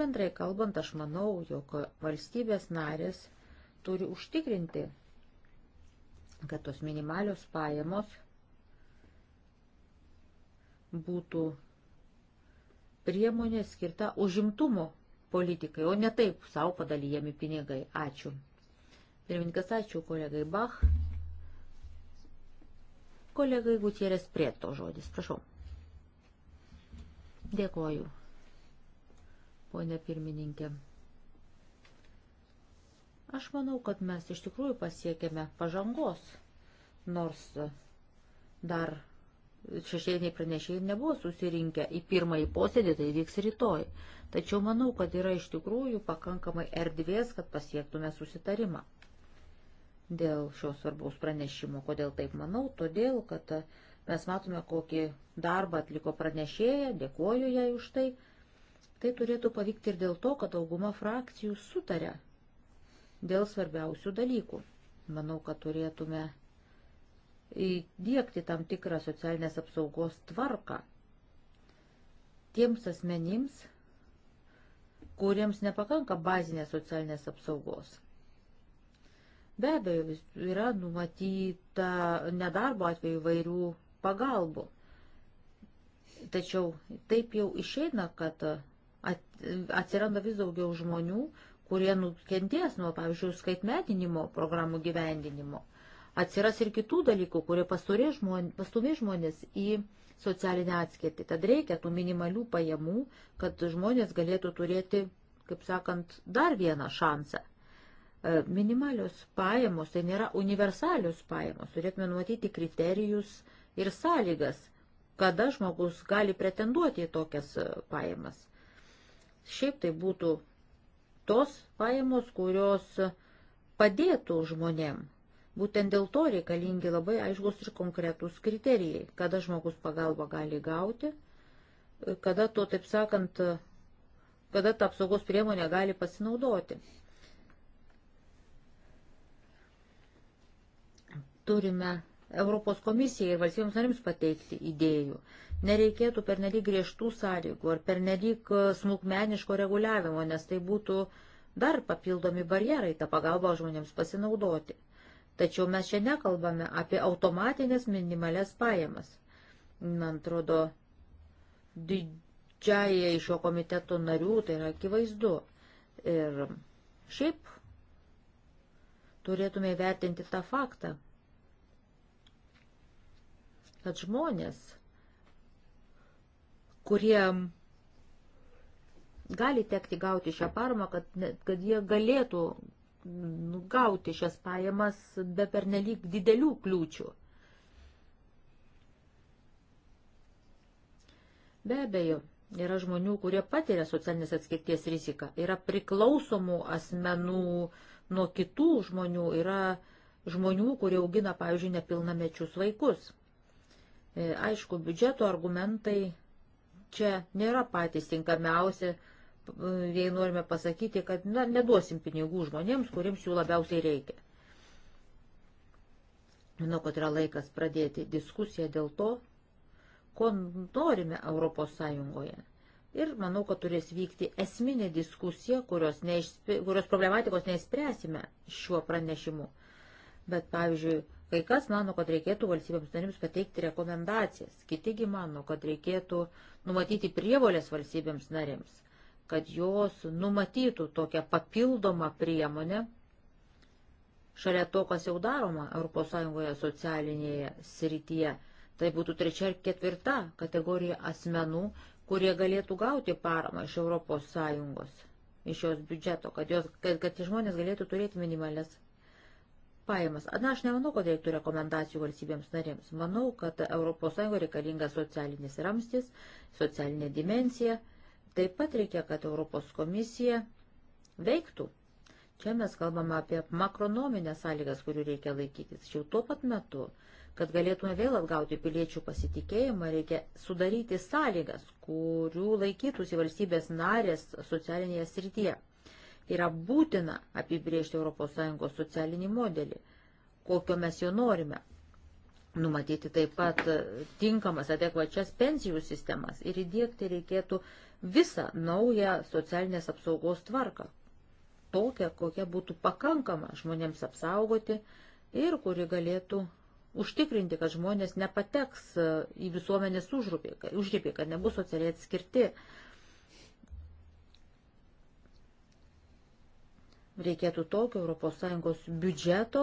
Bendrai kalbant, aš manau, jog valstybės narės turi užtikrinti, kad tos minimalios pajamos būtų priemonė skirta užimtumo politikai, o ne taip savo padalyjami pinigai. Ačiū. Pirmininkas, ačiū kolegai Bach. Kolegai Gutierės Prieto žodis, prašau. Dėkoju, ponė pirmininkė. Aš manau, kad mes iš tikrųjų pasiekėme pažangos, nors dar šešėliniai pranešėjai nebuvo susirinkę į pirmąjį posėdį, tai vyks rytoj. Tačiau manau, kad yra iš tikrųjų pakankamai erdvės, kad pasiektume susitarimą dėl šios svarbaus pranešimo. Kodėl taip manau? Todėl, kad e, mes matome, kokį darbą atliko pranešėja, dėkoju jai už tai. Tai turėtų pavykti ir dėl to, kad dauguma frakcijų sutarė dėl svarbiausių dalykų. Manau, kad turėtume įdėkti tam tikrą socialinės apsaugos tvarką tiems asmenims, kuriems nepakanka bazinės socialinės apsaugos. Be abejo, yra numatyta nedarbo atveju įvairių pagalbų. Tačiau taip jau išeina, kad e, atsiranda vis daugiau žmonių, kurie nukentės nuo, pavyzdžiui, skaitmetinimo programų gyvendinimo. Atsiras ir kitų dalykų, kurie žmonės, pastumė žmonės į socialinę atskirtį. Tad reikia tų minimalių pajamų, kad žmonės galėtų turėti, kaip sakant, dar vieną šansą. E, minimalios pajamos tai nėra universalios pajamos. Turėtume numatyti kriterijus ir sąlygas, kada žmogus gali pretenduoti į tokias e, pajamas. Šiaip tai būtų tos pajamos, kurios padėtų žmonėm. Būtent dėl to reikalingi labai aiškus ir konkretus kriterijai, kada žmogus pagalbą gali gauti, e, kada to, taip sakant, kada ta apsaugos priemonė gali pasinaudoti. turime Europos komisijai ir valstybėms narims pateikti idėjų. Nereikėtų pernelyg griežtų sąlygų ar pernelyg e, smulkmeniško reguliavimo, nes tai būtų dar papildomi barjerai tą pagalbą žmonėms pasinaudoti. Tačiau mes čia nekalbame apie automatinės minimales pajamas. Man atrodo, didžiai šio komiteto narių tai yra akivaizdu. Ir šiaip turėtume įvertinti tą faktą, kad žmonės, kurie gali tekti gauti šią paramą, kad, kad jie galėtų nu, gauti šias pajamas be pernelyg didelių kliūčių. Be abejo, yra žmonių, kurie patiria socialinės atskirties riziką, yra priklausomų asmenų nuo kitų žmonių, yra žmonių, kurie augina, pavyzdžiui, nepilnamečius vaikus. E, aišku, biudžeto argumentai čia nėra patys tinkamiausi, e, jei norime pasakyti, kad na, neduosim pinigų žmonėms, kuriems jų labiausiai reikia. Manau, kad yra laikas pradėti diskusiją dėl to, ko norime Europos Sąjungoje. Ir manau, kad turės vykti esminė diskusija, kurios, neišspė, kurios problematikos neįspręsime šiuo pranešimu. Bet, pavyzdžiui, Kai kas mano, kad reikėtų valstybėms narims pateikti rekomendacijas, kitigi mano, kad reikėtų numatyti prievolės valstybėms narims, kad jos numatytų tokią papildomą priemonę šalia to, kas jau daroma ES socialinėje srityje. Tai būtų trečia ir ketvirta kategorija asmenų, kurie galėtų gauti paramą iš ES, iš jos biudžeto, kad, jos, kad, kad žmonės galėtų turėti minimales pajamas. Na, aš nemanau, kad reiktų rekomendacijų valstybėms narėms. Manau, kad ES reikalinga socialinis ramstis, socialinė dimencija. Taip pat reikia, kad Europos komisija veiktų. Čia mes kalbame apie makronominės sąlygas, kurių reikia laikytis. Šiau tuo pat metu, kad galėtume vėl atgauti piliečių pasitikėjimą, reikia sudaryti sąlygas, kurių laikytųsi valstybės narės socialinėje srityje. Yra būtina apibriežti ES socialinį modelį, kokio mes jo norime. Numatyti taip pat tinkamas adekvačias pensijų sistemas ir įdėkti reikėtų visą naują socialinės apsaugos tvarką. Tokią, kokia būtų pakankama žmonėms apsaugoti ir kuri galėtų užtikrinti, kad žmonės nepateks į visuomenės užrūpį, kad nebus socialiai atskirti. reikėtų tokio ES biudžeto,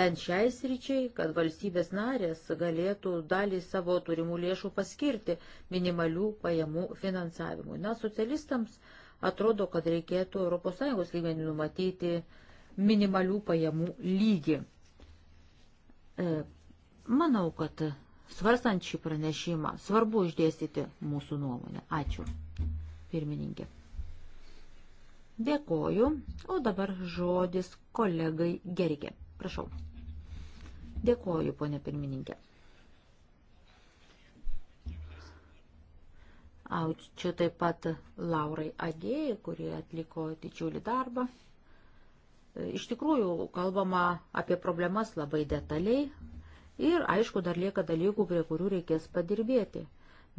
bent šiai sričiai, kad valstybės narės galėtų dalį savo turimų lėšų paskirti minimalių pajamų finansavimui. Na, socialistams atrodo, kad reikėtų ES lygmenį numatyti minimalių pajamų lygį. E, manau, kad svarstant šį pranešimą svarbu išdėstyti mūsų nuomonę. Ačiū, pirmininkė. Dėkoju, o dabar žodis kolegai Gerikė. Prašau. Dėkoju, ponė pirmininkė. Ačiū taip pat Laurai Agėjai, kuri atliko didžiulį darbą. Iš tikrųjų, kalbama apie problemas labai detaliai ir, aišku, dar lieka dalykų, prie kurių reikės padirbėti.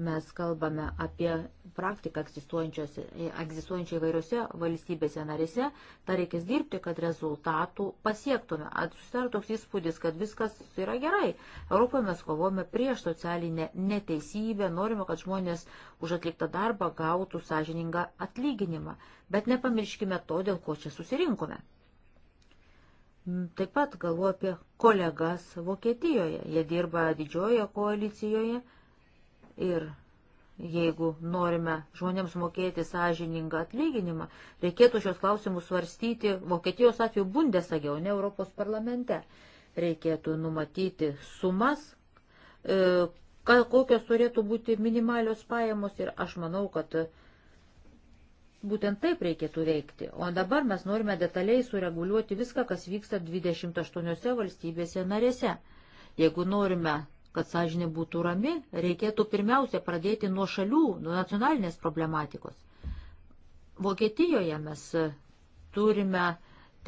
Mes kalbame apie praktiką egzistuojančią įvairiose valstybėse narėse. Ta reikės dirbti, kad rezultatų pasiektume. Susidaro toks įspūdis, kad viskas yra gerai. Europoje mes kovojame prieš socialinę neteisybę, norime, kad žmonės už atliktą darbą gautų sąžiningą atlyginimą. Bet nepamirškime to, dėl ko čia susirinkome. Taip pat galvoju apie kolegas Vokietijoje. Jie dirba didžiojoje koalicijoje Ir jeigu norime žmonėms mokėti sąžiningą atlyginimą, reikėtų šios klausimus svarstyti Vokietijos atveju Bundesage, o ne Europos parlamente. Reikėtų numatyti sumas, e, kokios turėtų būti minimalios pajamos ir aš manau, kad būtent taip reikėtų veikti. O dabar mes norime detaliai sureguliuoti viską, kas vyksta 28 valstybėse narėse. Jeigu norime kad sąžinė būtų rami, reikėtų pirmiausia pradėti nuo šalių, nuo nacionalinės problematikos. Vokietijoje mes turime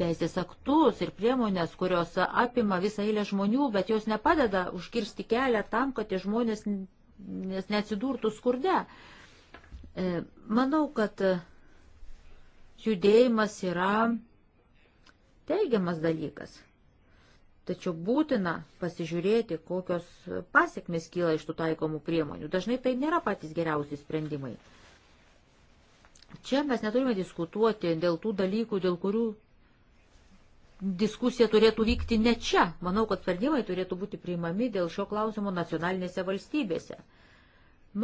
teisės aktus ir priemonės, kurios apima visą eilę žmonių, bet jos nepadeda užkirsti kelią tam, kad tie žmonės neatsidurtų skurde. E, manau, kad judėjimas yra teigiamas dalykas. Tačiau būtina pasižiūrėti, kokios pasiekmes kyla iš tų taikomų priemonių. Dažnai tai nėra patys geriausi sprendimai. Čia mes neturime diskutuoti dėl tų dalykų, dėl kurių diskusija turėtų vykti ne čia. Manau, kad sprendimai turėtų būti priimami dėl šio klausimo nacionalinėse valstybėse.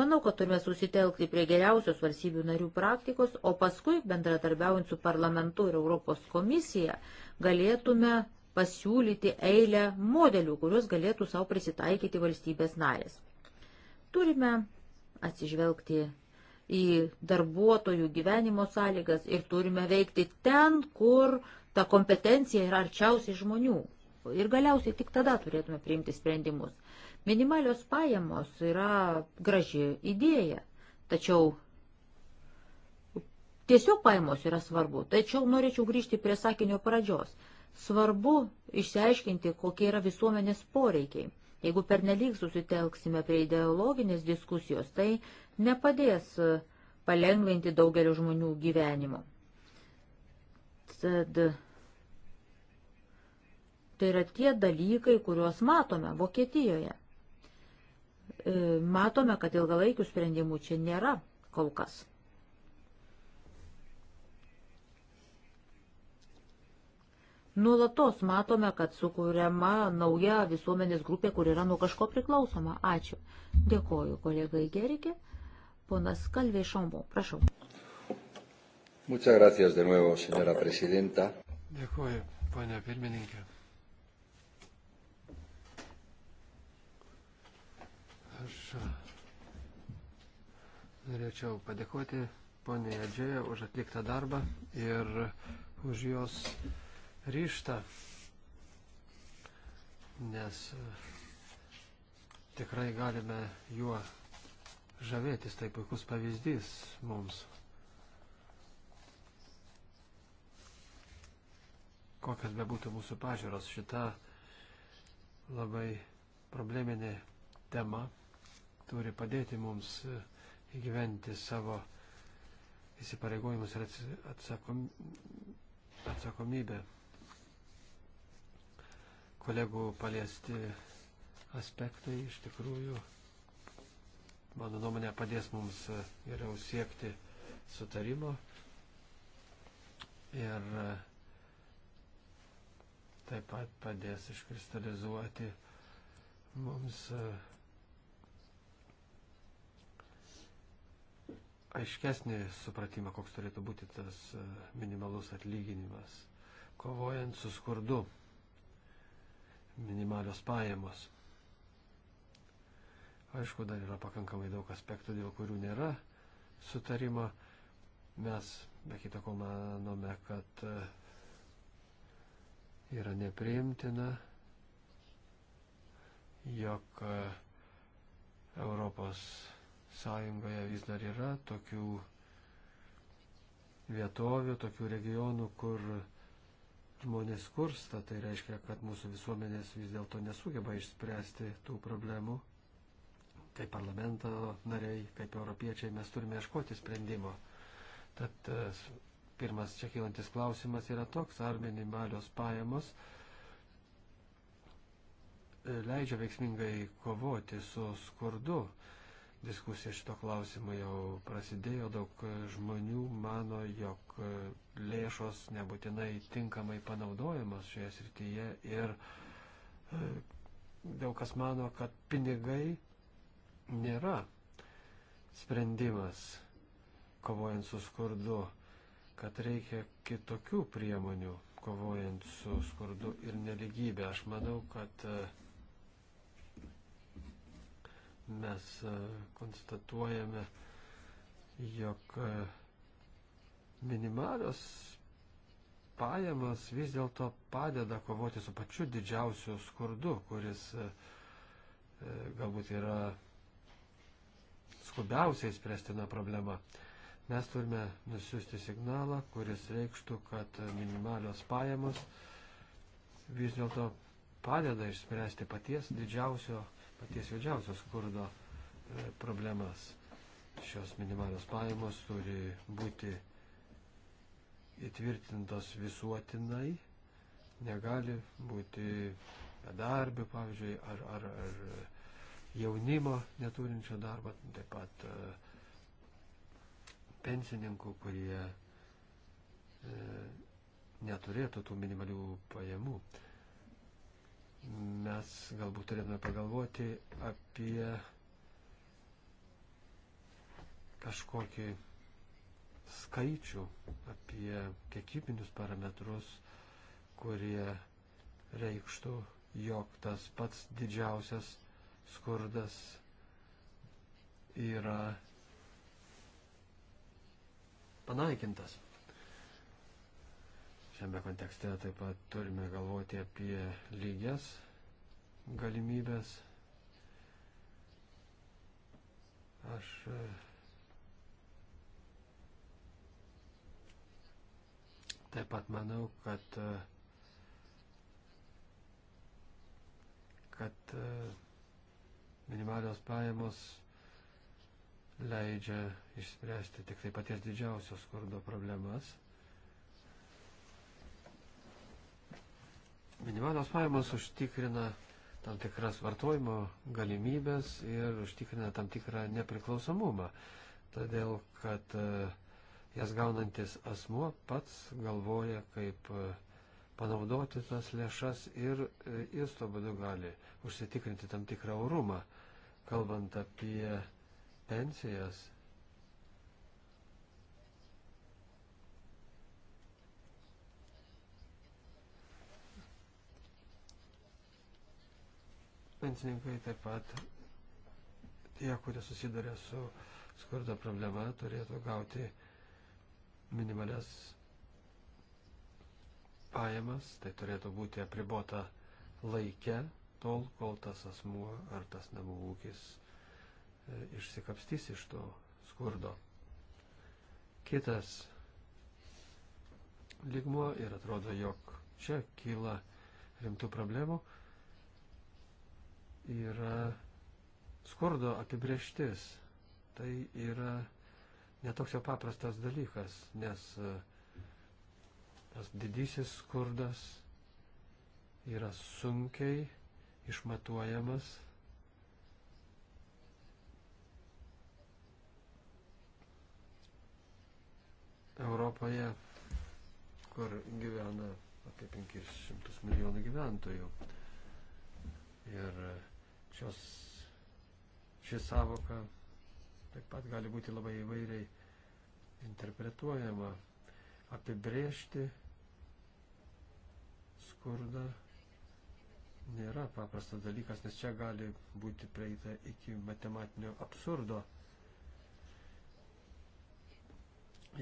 Manau, kad turime susitelkti prie geriausios valstybių narių praktikos, o paskui, bendratarbiaujant su parlamentu ir Europos komisija, galėtume pasiūlyti eilę modelių, kuriuos galėtų savo prisitaikyti valstybės narės. Turime atsižvelgti į darbuotojų gyvenimo sąlygas ir turime veikti ten, kur ta kompetencija yra arčiausiai žmonių. Ir galiausiai tik tada turėtume priimti sprendimus. Minimalios pajamos yra graži idėja, tačiau tiesiog pajamos yra svarbu. Tačiau norėčiau grįžti prie sakinio pradžios. Svarbu išsiaiškinti, kokie yra visuomenės poreikiai. Jeigu pernelyg susitelksime prie ideologinės diskusijos, tai nepadės e, palengventi daugelio žmonių gyvenimo. Tad tai yra tie dalykai, kuriuos matome Vokietijoje. E, matome, kad ilgalaikių sprendimų čia nėra kol kas. Nuolatos matome, kad sukūriama nauja visuomenės grupė, kur yra nuo kažko priklausoma. Ačiū. Dėkoju kolegai Gerikė. Ponas Kalvė Šombo, prašau. Muchas gracias de nuevo, señora presidenta. Dėkoju, ponia pirmininkė. Aš norėčiau padėkoti poniai Adžėje už atliktą darbą ir už jos. Jos ryštą, nes e, tikrai galime juo žavėtis, tai puikus pavyzdys mums. Kokias bebūtų mūsų pažiūros, šita labai probleminė tema turi padėti mums e, įgyventi savo įsipareigojimus ir atsakom, atsakomybę kolegų paliesti aspektai iš tikrųjų, mano nuomonė, padės mums e, geriau siekti sutarimo. Ir e, taip pat padės iškristalizuoti mums e, aiškesnį supratimą, koks turėtų būti tas minimalus atlyginimas, kovojant su skurdu minimalios pajamos. Aišku, dar yra pakankamai daug aspektų, dėl kurių nėra sutarimo. Mes, be kita ko, manome, kad e, yra nepriimtina, jog e, Europos Sąjungoje vis dar yra tokių vietovių, tokių regionų, kur žmonės kursta, tai reiškia, kad mūsų visuomenės vis dėlto nesugeba išspręsti tų problemų. Kaip parlamento nariai, kaip europiečiai mes turime ieškoti sprendimo. Tad e, pirmas čia kylantis klausimas yra toks, ar minimalios pajamos e, leidžia veiksmingai kovoti su skurdu diskusija šito klausimu jau prasidėjo, daug žmonių mano, jog lėšos nebūtinai tinkamai panaudojamos šioje srityje ir e, daug kas mano, kad pinigai nėra sprendimas kovojant su skurdu, kad reikia kitokių priemonių kovojant su skurdu ir neligybė. Aš manau, kad uh, mes e, konstatuojame, jog e, minimalios pajamos vis dėlto padeda kovoti su pačiu didžiausiu skurdu, kuris e, galbūt yra skubiausiai spręstina problema. Mes turime nusiųsti signalą, kuris reikštų, kad minimalios pajamos vis dėlto padeda išspręsti paties didžiausio paties juodžiausios skurdo e, problemas. Šios minimalios pajamos turi būti įtvirtintos visuotinai, negali būti bedarbių, pavyzdžiui, ar, ar, ar jaunimo neturinčio darbą, taip pat e, pensininkų, kurie e, neturėtų tų minimalių pajamų. E, mes galbūt turėtume pagalvoti apie kažkokį skaičių, apie kiekybinius parametrus, kurie reikštų, jog tas pats didžiausias skurdas yra panaikintas šiame kontekste taip pat turime galvoti apie lygias galimybės. Aš e, taip pat manau, kad e, kad e, minimalios pajamos leidžia išspręsti tik tai paties didžiausios skurdo problemas. Minimalios pajamos užtikrina tam tikras vartojimo galimybės ir užtikrina tam tikrą nepriklausomumą. Todėl, kad e, jas gaunantis asmuo pats galvoja, kaip e, panaudoti tas lėšas ir e, jis to būdu gali užsitikrinti tam tikrą orumą. Kalbant apie pensijas, pensininkai, taip pat tie, kurie susiduria su skurdo problema, turėtų gauti minimales pajamas, tai turėtų būti apribota laike tol, kol tas asmuo ar tas namų ūkis e, išsikapstys iš to skurdo. Kitas ligmuo ir atrodo, jog čia kyla rimtų problemų yra skurdo apibrieštis. Tai yra netoks jau paprastas dalykas, nes e, tas didysis skurdas yra sunkiai išmatuojamas. Europoje, kur gyvena apie 500 milijonų gyventojų. Ir e, Šios, ši savoka taip pat gali būti labai įvairiai interpretuojama. Apibrėžti skurdą nėra paprastas dalykas, nes čia gali būti prieita iki matematinio absurdo.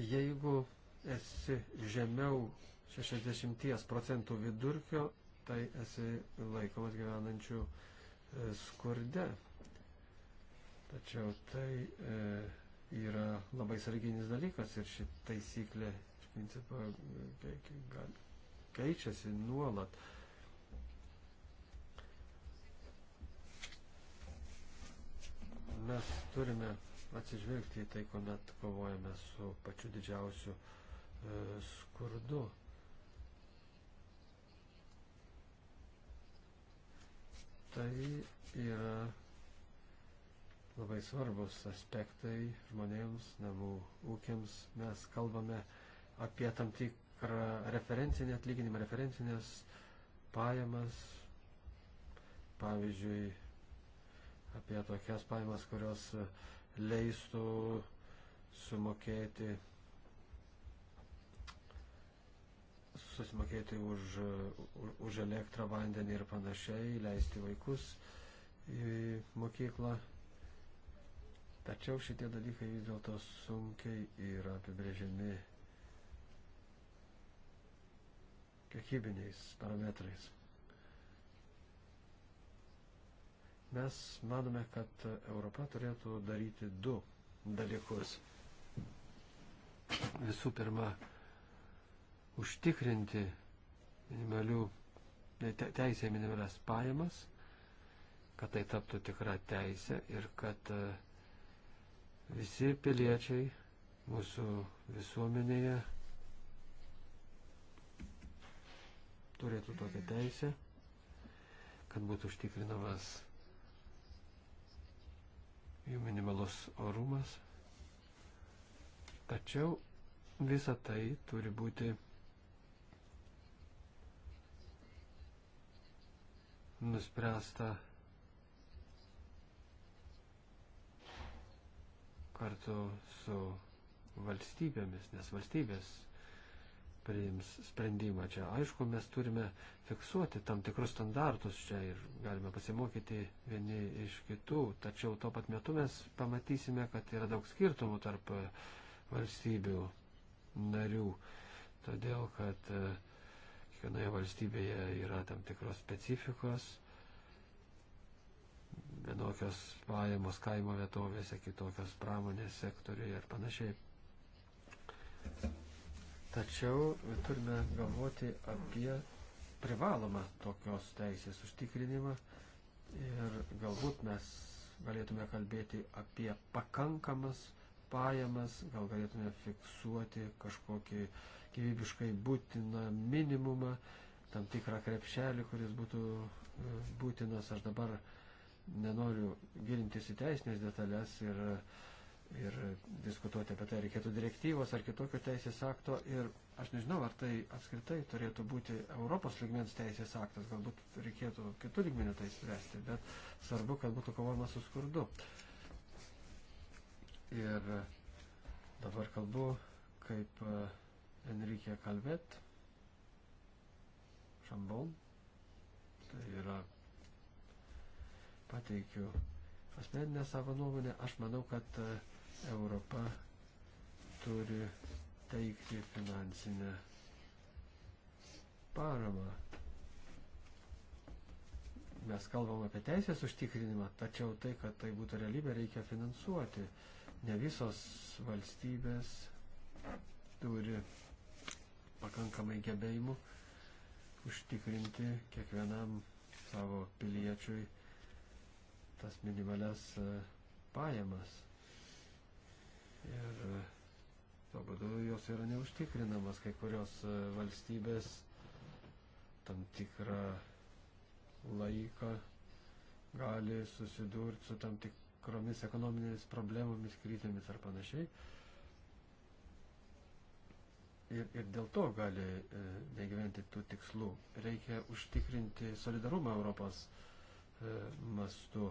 Jeigu esi žemiau 60 procentų vidurkio, tai esi laikomas gyvenančių E, skurde. Tačiau tai e, yra labai sarginis dalykas ir ši taisyklė iš principo e, keičiasi nuolat. Mes turime atsižvelgti į tai, kuomet kovojame su pačiu didžiausiu e, skurdu. Tai yra labai svarbus aspektai žmonėms, namų ūkiams. Mes kalbame apie tam tikrą referencinį atlyginimą, referencinės pajamas, pavyzdžiui, apie tokias pajamas, kurios leistų sumokėti susimokėti už, už elektrą, vandenį ir panašiai, leisti vaikus į mokyklą. Tačiau šitie dalykai vis dėlto sunkiai yra apibrėžiami kiekybiniais parametrais. Mes manome, kad Europa turėtų daryti du dalykus. Visų pirma, užtikrinti minimalių teisė minimalias pajamas, kad tai taptų tikra teisė ir kad e, visi piliečiai mūsų visuomenėje turėtų tokią teisę, kad būtų užtikrinamas jų minimalus orumas. Tačiau visa tai turi būti nuspręsta kartu su valstybėmis, nes valstybės priims sprendimą čia. Aišku, mes turime fiksuoti tam tikrus standartus čia ir galime pasimokyti vieni iš kitų, tačiau tuo pat metu mes pamatysime, kad yra daug skirtumų tarp valstybių narių, todėl kad uh, Kiekvienoje valstybėje yra tam tikros specifikos, vienokios pajamos kaimo vietovėse, kitokios pramonės sektoriuje ir panašiai. Tačiau turime galvoti apie privalomą tokios teisės užtikrinimą ir galbūt mes galėtume kalbėti apie pakankamas pajamas, gal galėtume fiksuoti kažkokį gyvybiškai būtiną minimumą, tam tikrą krepšelį, kuris būtų e, būtinas. Aš dabar nenoriu gilintis į teisinės detalės ir, ir diskutuoti apie tai, reikėtų direktyvos ar kitokio teisės akto. Ir aš nežinau, ar tai apskritai turėtų būti Europos lygmens teisės aktas, galbūt reikėtų kitų lygmenių tai spręsti, bet svarbu, kad būtų kovojama su skurdu. Uh, ir dabar kalbu kaip e, Enrique Kalvet, Šambon, tai yra pateikiu asmeninę savo nuomonę, aš manau, kad e, Europa turi teikti finansinę paramą. Mes kalbam apie teisės užtikrinimą, tačiau tai, kad tai būtų realybė, reikia finansuoti. Uh, Ne visos valstybės turi pakankamai gebėjimų užtikrinti kiekvienam savo piliečiui tas minimales e, pajamas. Ir e, to būdu jos yra neužtikrinamas. Kai kurios e, valstybės tam tikrą laiką gali susidurti su tam tik tikromis ekonominėmis problemomis, krytėmis ar panašiai. Ir, ir dėl to gali e, negyventi tų tikslų. Reikia užtikrinti solidarumą Europos e, mastu.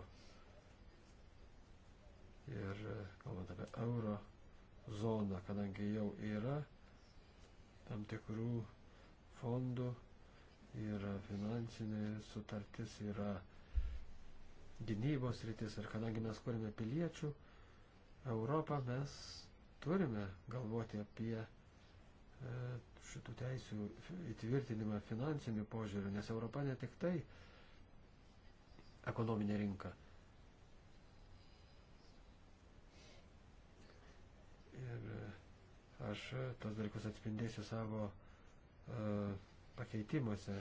Ir e, kalbant apie euro zoną, kadangi jau yra tam tikrų fondų, yra finansinė sutartis, yra gynybos rytis ir kadangi mes kuriame piliečių Europą, mes turime galvoti apie e, šitų teisių įtvirtinimą finansinių požiūrių, nes Europa ne tik tai ekonominė rinka. Ir e, aš e, tos dalykus atspindėsiu savo pakeitimuose.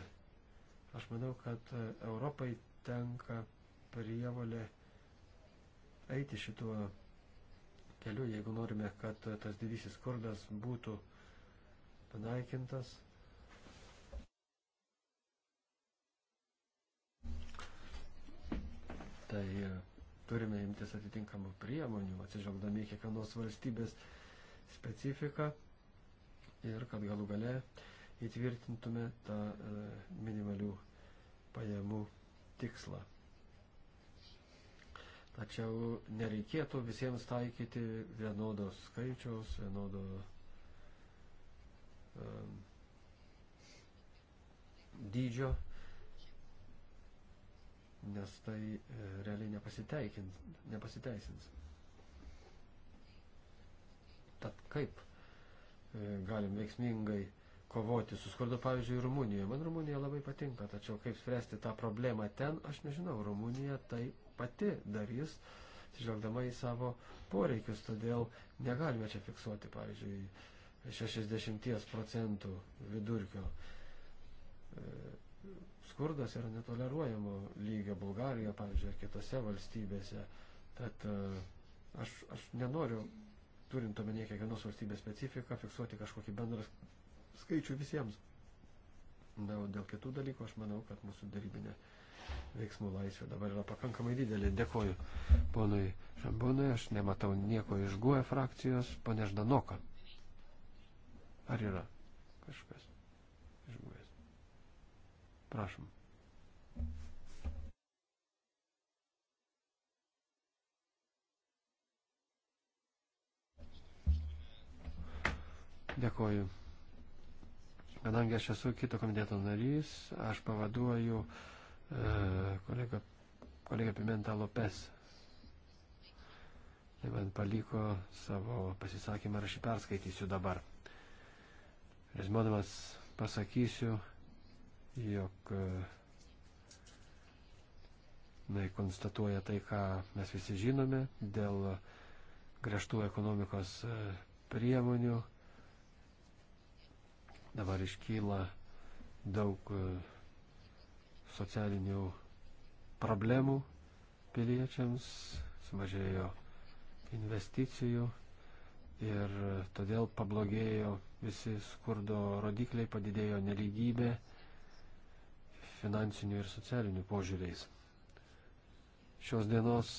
Aš manau, kad Europai tenka prievalė eiti šituo keliu, jeigu norime, kad tas didysis skurdas būtų panaikintas. Tai turime imtis atitinkamų priemonių, atsižvelgdami kiekvienos valstybės specifiką ir kad galų gale įtvirtintume tą e, minimalių pajamų tikslą. Tačiau nereikėtų visiems taikyti vienodos skaičiaus, vienodo um, dydžio, nes tai e, realiai nepasiteisins. Tad kaip e, galim veiksmingai kovoti su skurdu, pavyzdžiui, Rumunijoje. Man Rumunija labai patinka, tačiau kaip spręsti tą problemą ten, aš nežinau. Rumunija tai pati darys, atsižvelgdama į savo poreikius. Todėl negalime čia fiksuoti, pavyzdžiui, 60 procentų vidurkio. E, skurdas yra netoleruojamo lygio Bulgarijoje, pavyzdžiui, ar kitose valstybėse. Tad e, aš, aš nenoriu, turint omenyje kiekvienos valstybės specifiką, fiksuoti kažkokį bendrą skaičių visiems. Dėl, dėl kitų dalykų aš manau, kad mūsų darybinė veiksmų laisvė dabar yra pakankamai didelė. Dėkoju ponui Šambonui, aš nematau nieko iš GUE frakcijos, ponė Ždanoka. Ar yra kažkas iš GUE? Prašom. Dėkoju kadangi aš esu kito komiteto narys, aš pavaduoju e, kolegą, kolegą Pimentą Lopes. Tai man paliko savo pasisakymą ir aš jį perskaitysiu dabar. Rezmodamas pasakysiu, jog e, na, konstatuoja tai, ką mes visi žinome dėl griežtų ekonomikos e, priemonių Dabar iškyla daug e, socialinių problemų piliečiams, sumažėjo investicijų ir e, todėl pablogėjo visi skurdo rodikliai, padidėjo neligybė finansinių ir socialinių požiūriais. Šios dienos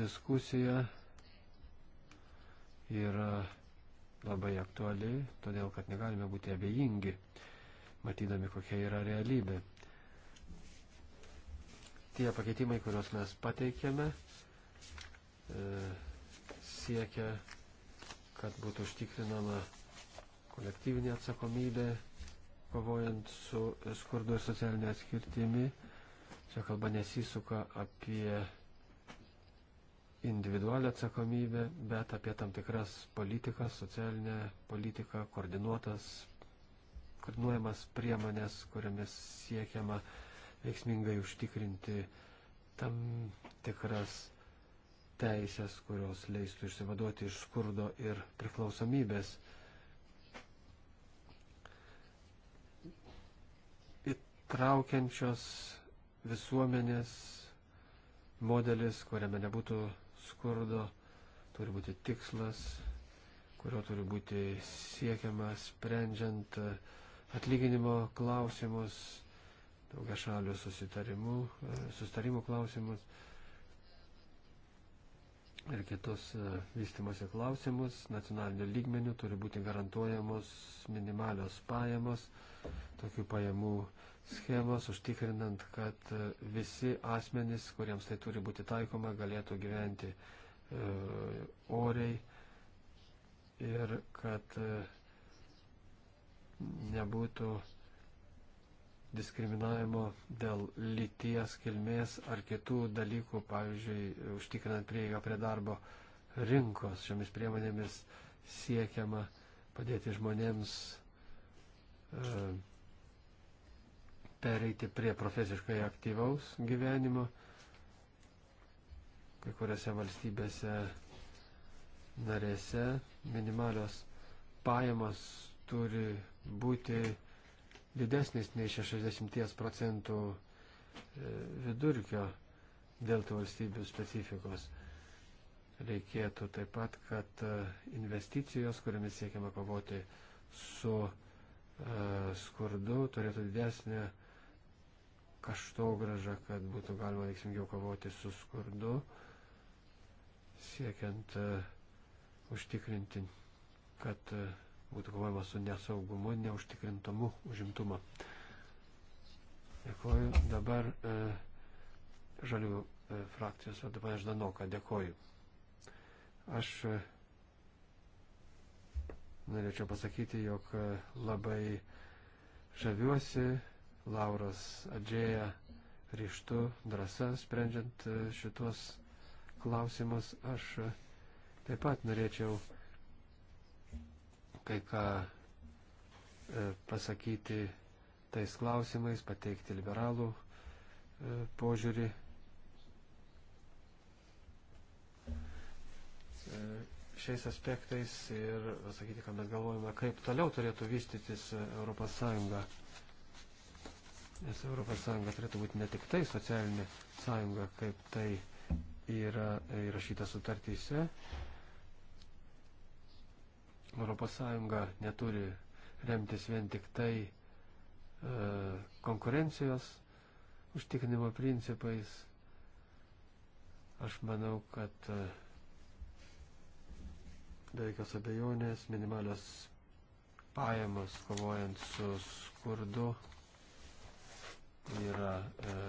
diskusija yra labai aktuali, todėl kad negalime būti abejingi, matydami, kokia yra realybė. Tie pakeitimai, kuriuos mes pateikėme, e, siekia, kad būtų užtikrinama kolektyvinė atsakomybė, kovojant su skurdu ir socialinė atskirtimi. Čia kalba nesisuka apie individualią atsakomybę, bet apie tam tikras politikas, socialinę politiką, koordinuotas, koordinuojamas priemonės, kuriamis siekiama veiksmingai užtikrinti tam tikras teisės, kurios leistų išsivaduoti iš skurdo ir priklausomybės. Įtraukiančios visuomenės modelis, kuriame nebūtų skurdo turi būti tikslas, kurio turi būti siekiama sprendžiant atlyginimo klausimus, daugia šalių susitarimų, susitarimų klausimus ir kitus e, vystimosi klausimus. Nacionaliniu lygmeniu turi būti garantuojamos minimalios pajamos, tokių pajamų schemos, užtikrinant, kad e, visi asmenys, kuriems tai turi būti taikoma, galėtų gyventi e, oriai ir kad e, nebūtų diskriminavimo dėl lyties, kilmės ar kitų dalykų, pavyzdžiui, užtikrinant prieigą prie darbo rinkos. Šiomis priemonėmis siekiama padėti žmonėms e, pereiti prie profesiškai aktyvaus gyvenimo. Kai kuriuose valstybėse narėse minimalios pajamos turi būti didesnis nei 60 procentų e, vidurkio dėl tų valstybių specifikos. Reikėtų taip pat, kad e, investicijos, kuriamis siekiama kovoti su e, skurdu, turėtų didesnę kaštogražą, kad būtų galima veiksmingiau kovoti su skurdu, siekiant uh, užtikrinti, kad uh, būtų kovojama su nesaugumu, neužtikrintamu užimtumu. Dėkuoju. Dabar uh, e, žalių uh, frakcijos vadovą Ždanoką. Dėkuoju. Aš uh, norėčiau pasakyti, jog uh, labai žaviuosi Lauros Adžėja ryštu, drąsa sprendžiant e, šitos klausimus. Aš e, taip pat norėčiau kai ką e, pasakyti tais klausimais, pateikti liberalų požiūrį. Šiais aspektais ir pasakyti, kad mes galvojame, kaip toliau turėtų vystytis Europos Sąjunga. Nes ES turėtų būti ne tik tai socialinė sąjunga, kaip tai yra įrašyta sutartyse. ES neturi remtis vien tik tai e, konkurencijos užtikrinimo principais. Aš manau, kad e, be jokios abejonės minimalios pajamos kovojant su skurdu yra e,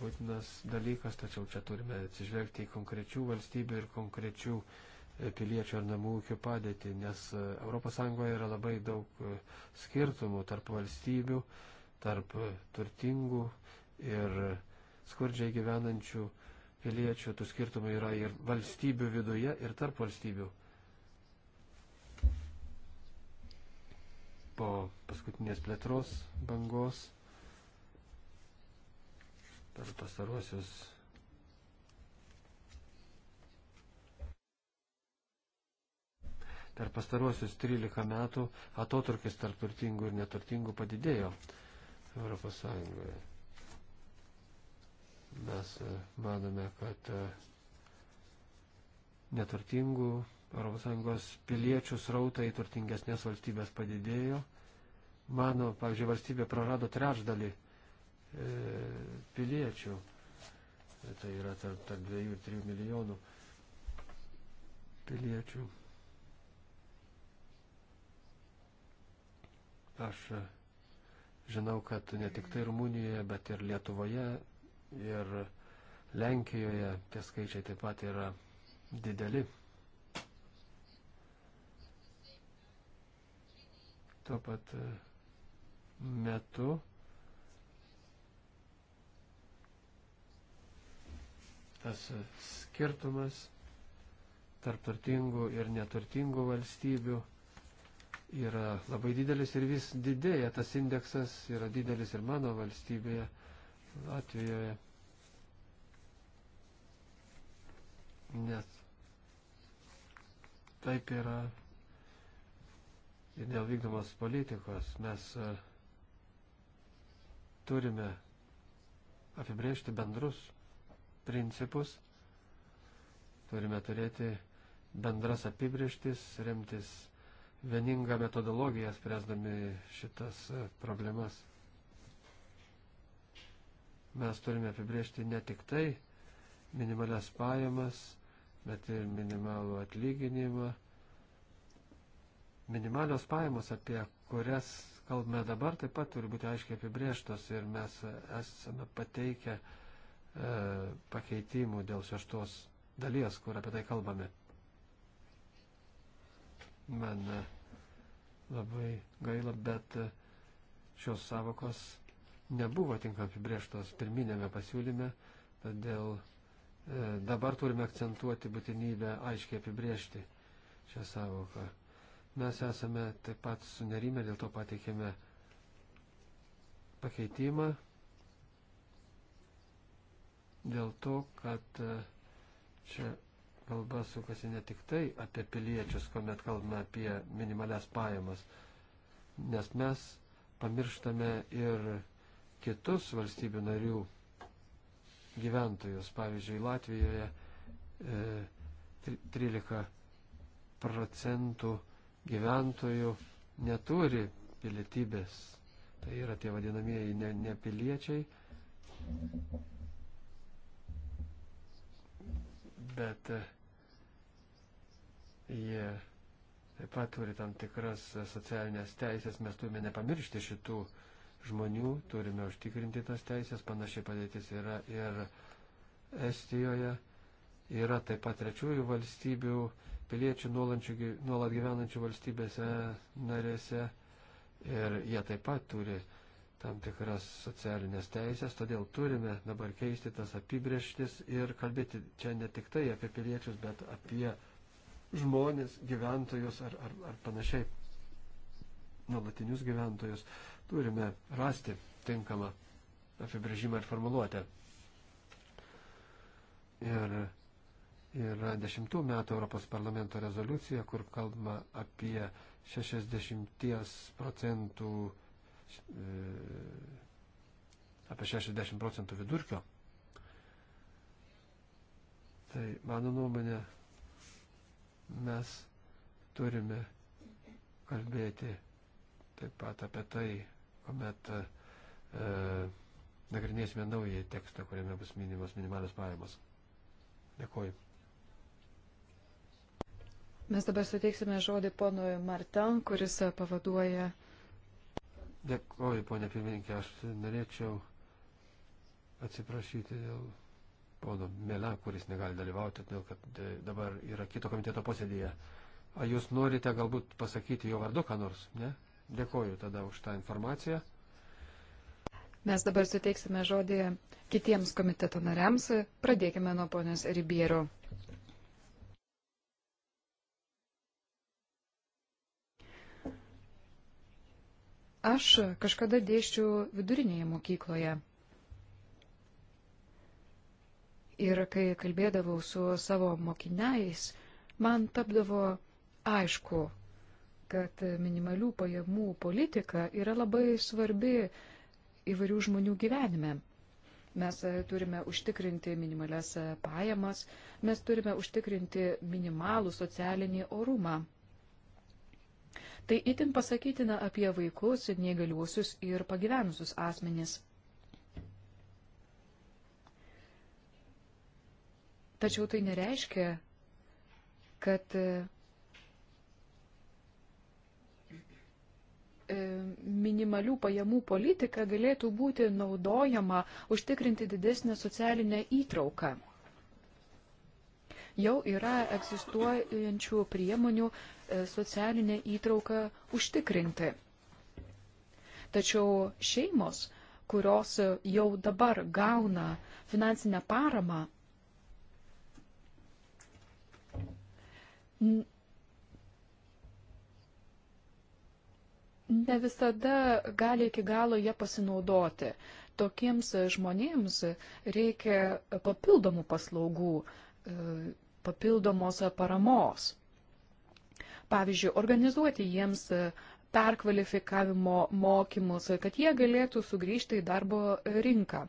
būtinas dalykas, tačiau čia turime atsižvelgti į konkrečių valstybių ir konkrečių e, piliečių ar namų ūkių padėtį, nes ES yra labai daug e, skirtumų tarp valstybių, tarp e, turtingų ir skurdžiai gyvenančių piliečių, tų skirtumų yra ir valstybių viduje, ir tarp valstybių. Po paskutinės plėtros bangos per pastaruosius per pastaruosius 13 metų atotrukis tarp turtingų ir neturtingų padidėjo Europos Sąjungoje. Mes e, manome, kad e, neturtingų Europos Sąjungos piliečių srautai į turtingesnės valstybės padidėjo. Mano, pavyzdžiui, valstybė prarado trečdalį E, piliečių. Tai yra tarp, tarp 2 ir 3 milijonų piliečių. Aš e, žinau, kad ne tik tai Rumunijoje, bet ir Lietuvoje ir Lenkijoje tie skaičiai taip pat yra dideli. Tuo pat e, metu tas skirtumas tarp turtingų ir neturtingų valstybių yra labai didelis ir vis didėja. Tas indeksas yra didelis ir mano valstybėje, Latvijoje. Nes taip yra ir dėl vykdomos politikos mes e, turime apibrėžti bendrus principus, turime turėti bendras apibrieštis, remtis vieningą metodologiją spręsdami šitas e, problemas. Mes turime apibriežti ne tik tai minimalias pajamas, bet ir minimalų atlyginimą. Minimalios pajamos, apie kurias kalbame dabar, taip pat turi būti aiškiai apibriežtos ir mes esame pateikę uh, E, pakeitimų dėl šeštos dalies, kur apie tai kalbame. Man e, labai gaila, bet e, šios savokos nebuvo tinkamai apibrieštos pirminėme pasiūlyme, todėl dabar turime akcentuoti būtinybę aiškiai apibriežti šią savoką. Mes esame taip pat sunerime, dėl to pateikėme pakeitimą, dėl to, kad e, čia kalba sukasi ne tik tai apie piliečius, kuomet kalbame apie minimalias pajamas, nes mes pamirštame ir kitus valstybių narių gyventojus. Pavyzdžiui, Latvijoje e, 13 procentų gyventojų neturi pilietybės. Tai yra tie vadinamieji nepiliečiai. Ne bet e, jie taip pat turi tam tikras socialinės teisės, mes turime nepamiršti šitų žmonių, turime užtikrinti tas teisės, panašiai padėtis yra ir Estijoje, yra taip pat trečiųjų valstybių piliečių nuolat gyvenančių valstybėse narėse ir jie taip pat turi tam tikras socialinės teisės, todėl turime dabar keisti tas apibrieštis ir kalbėti čia ne tik tai apie piliečius, bet apie žmonės, gyventojus ar, ar, ar panašiai, nuolatinius gyventojus. Turime rasti tinkamą apibrėžimą ir formuluotę. Ir yra dešimtų metų Europos parlamento rezoliucija, kur kalbama apie 60 procentų E, apie 60 procentų vidurkio. Tai mano nuomonė, mes turime kalbėti taip pat apie tai, kuomet e, nagrinėsime naują tekstą, kuriame bus minimos minimalios pajamos. Dėkuoju. Mes dabar suteiksime žodį ponui Martin, kuris pavaduoja Dėkoju, ponė pirmininkė, aš norėčiau atsiprašyti dėl pono Mela, kuris negali dalyvauti, todėl kad e, dabar yra kito komiteto posėdėje. Ar jūs norite galbūt pasakyti jo vardu, ką nors, ne? Dėkoju tada už tą informaciją. Mes dabar suteiksime žodį kitiems komiteto nariams. Pradėkime nuo ponios Ribiero. Aš kažkada dėščiau vidurinėje mokykloje. Ir kai kalbėdavau su savo mokiniais, man tapdavo aišku, kad minimalių pajamų politika yra labai svarbi įvairių žmonių gyvenime. Mes turime užtikrinti minimalias pajamas, mes turime užtikrinti minimalų socialinį orumą. Tai itin pasakytina apie vaikus, negaliuosius ir pagyvenusius asmenys. Tačiau tai nereiškia, kad e, minimalių pajamų politika galėtų būti naudojama užtikrinti didesnę socialinę įtrauką jau yra egzistuojančių priemonių e, socialinę įtrauką užtikrinti. Tačiau šeimos, kurios jau dabar gauna finansinę paramą, ne visada gali iki galo ją pasinaudoti. Tokiems žmonėms reikia papildomų paslaugų, e, papildomos paramos. Pavyzdžiui, organizuoti jiems e, perkvalifikavimo mokymus, kad jie galėtų sugrįžti į darbo rinką.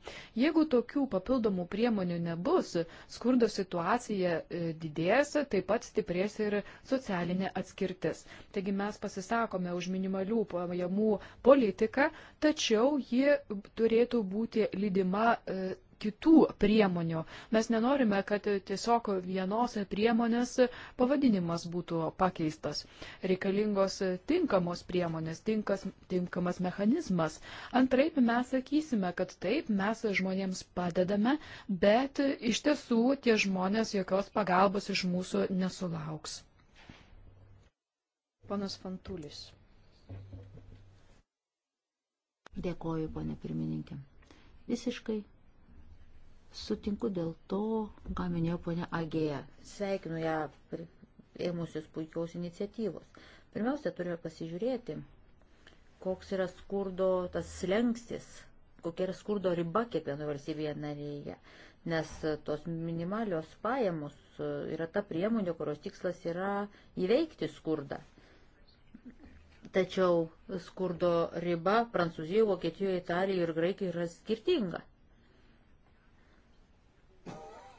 Jeigu tokių papildomų priemonių nebus, skurdo situacija e, didės, taip pat stiprės ir socialinė atskirtis. Taigi mes pasisakome už minimalių pajamų politiką, tačiau ji turėtų būti lydima e, kitų priemonių. Mes nenorime, kad tiesiog vienos priemonės pavadinimas būtų pakeistas. Reikalingos tinkamos priemonės, tinkas, tinkamas mechanizmas. Antraip mes sakysime, kad taip, mes žmonėms padedame, bet iš tiesų tie žmonės jokios pagalbos iš mūsų nesulauks. Panas Fantulis. Dėkoju, ponė pirmininkė. Visiškai Sutinku dėl to, ką minėjo ponia Agėja. Sveikinu ją ėmusius puikiaus iniciatyvos. Pirmiausia, turime pasižiūrėti, koks yra skurdo tas slengstis, kokia yra skurdo riba kiekvieno valstybėje narėje. Nes tos minimalios pajamos yra ta priemonė, kurios tikslas yra įveikti skurdą. Tačiau skurdo riba Prancūzijoje, Vokietijoje, Italijoje ir Graikijoje yra skirtinga.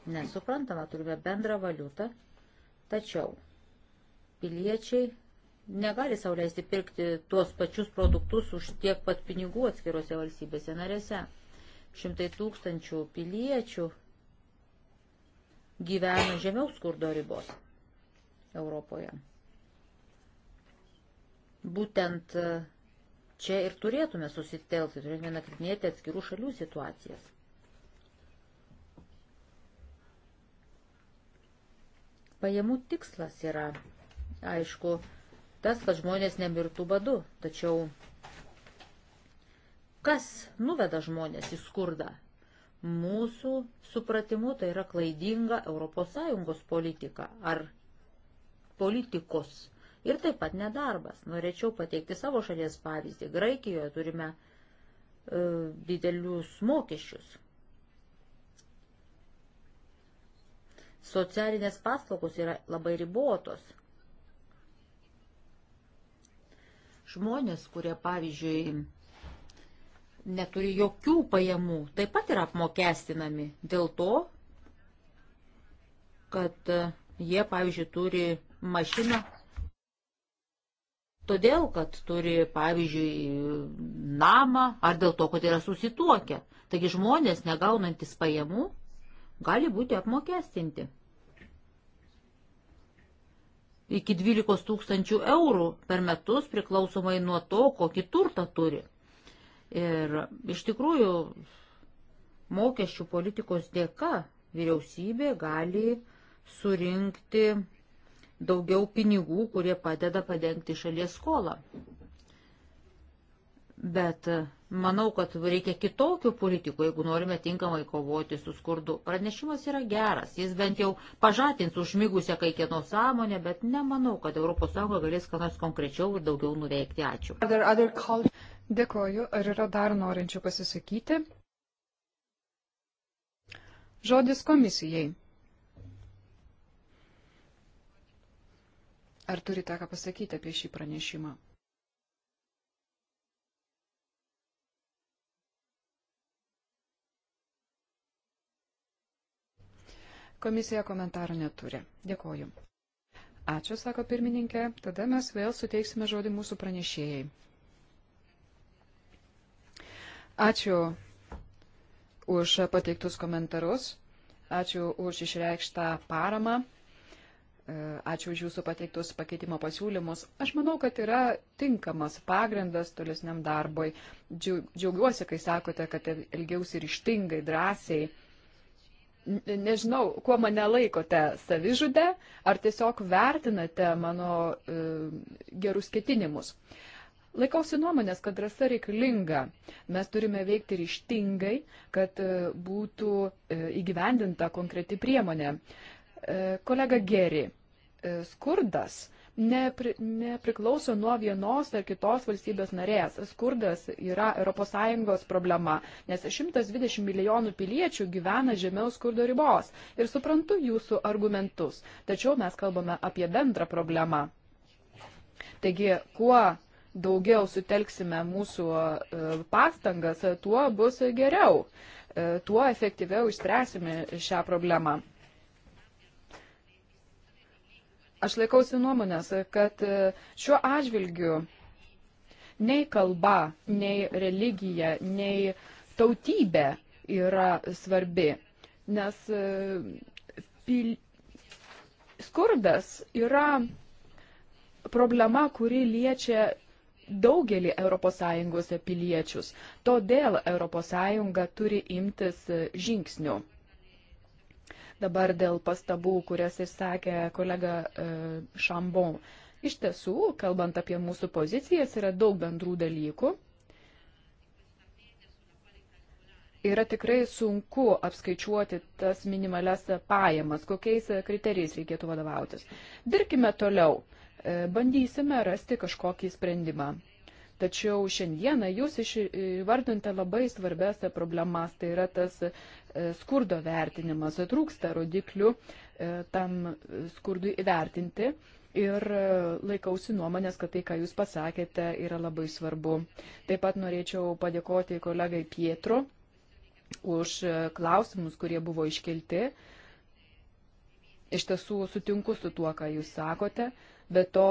Nesuprantama, turime bendrą valiutą, tačiau piliečiai negali sauliaisti pirkti tuos pačius produktus už tiek pat pinigų atskirose valstybėse narėse. Šimtai tūkstančių piliečių gyvena žemiau skurdo ribos Europoje. Būtent e, čia ir turėtume susitelkti, turime nagrinėti atskirų šalių situacijas. Pajamų tikslas yra, aišku, tas, kad žmonės nemirtų badu, tačiau kas nuveda žmonės į skurdą? Mūsų supratimu tai yra klaidinga ES politika ar politikos ir taip pat nedarbas. Norėčiau pateikti savo šalies pavyzdį. Graikijoje turime e, didelius mokesčius. Socialinės paslaugos yra labai ribotos. Žmonės, kurie, pavyzdžiui, neturi jokių pajamų, taip pat yra apmokestinami dėl to, kad jie, pavyzdžiui, turi mašiną. Todėl, kad turi, pavyzdžiui, namą ar dėl to, kad yra susituokę. Taigi žmonės, negaunantis pajamų, gali būti apmokestinti. Iki 12 tūkstančių eurų per metus priklausomai nuo to, kokį turtą turi. Ir iš tikrųjų mokesčių politikos dėka vyriausybė gali surinkti daugiau pinigų, kurie padeda padengti šalies skolą. Bet Manau, kad reikia kitokių politikų, jeigu norime tinkamai kovoti su skurdu. Pranešimas yra geras, jis bent jau pažatins užmigusią kai kieno sąmonę, bet nemanau, kad ES galės ką nors konkrečiau ir daugiau nuveikti. Ačiū. Dėkoju. Ar yra dar norinčių pasisakyti? Žodis komisijai. Ar turite ką pasakyti apie šį pranešimą? Komisija komentarų neturi. Dėkoju. Ačiū, sako pirmininkė. Tada mes vėl suteiksime žodį mūsų pranešėjai. Ačiū už pateiktus komentarus. Ačiū už išreikštą paramą. E, ačiū už Jūsų pateiktus pakeitimo pasiūlymus. Aš manau, kad yra tinkamas pagrindas tolesniam darbui. Džiaugiuosi, kai sakote, kad elgiausi ryštingai, drąsiai nežinau, kuo mane laikote savižudę, ar tiesiog vertinate mano e, gerus ketinimus. Laikausi nuomonės, kad drąsa reikalinga. Mes turime veikti ryštingai, kad e, būtų e, įgyvendinta konkreti priemonė. E, kolega Geri, skurdas nepri, nepriklauso nuo vienos ar kitos valstybės narės. Skurdas yra ES problema, nes 120 milijonų piliečių gyvena žemiau skurdo ribos. Ir suprantu jūsų argumentus, tačiau mes kalbame apie bendrą problemą. Taigi, kuo daugiau sutelksime mūsų e, pastangas, tuo bus geriau, e, tuo efektyviau išspręsime šią problemą. Aš laikausi nuomonės, kad e, šiuo atžvilgiu nei kalba, nei religija, nei tautybė yra svarbi, nes e, pil... skurdas yra problema, kuri liečia daugelį ES piliečius. Todėl ES turi imtis e, žingsnių. Dabar dėl pastabų, kurias išsakė kolega e, Šambon. Iš tiesų, kalbant apie mūsų pozicijas, yra daug bendrų dalykų. Yra tikrai sunku apskaičiuoti tas minimales pajamas, kokiais kriterijais reikėtų vadovautis. Dirbkime toliau, e, bandysime rasti kažkokį sprendimą. Tačiau šiandieną jūs išvardinate labai svarbias problemas, tai yra tas e, skurdo vertinimas, trūksta rodiklių e, tam skurdui įvertinti. Ir e, laikausi nuomonės, kad tai, ką Jūs pasakėte, yra labai svarbu. Taip pat norėčiau padėkoti kolegai Pietro už klausimus, kurie buvo iškelti. Iš tiesų sutinku su tuo, ką Jūs sakote, bet to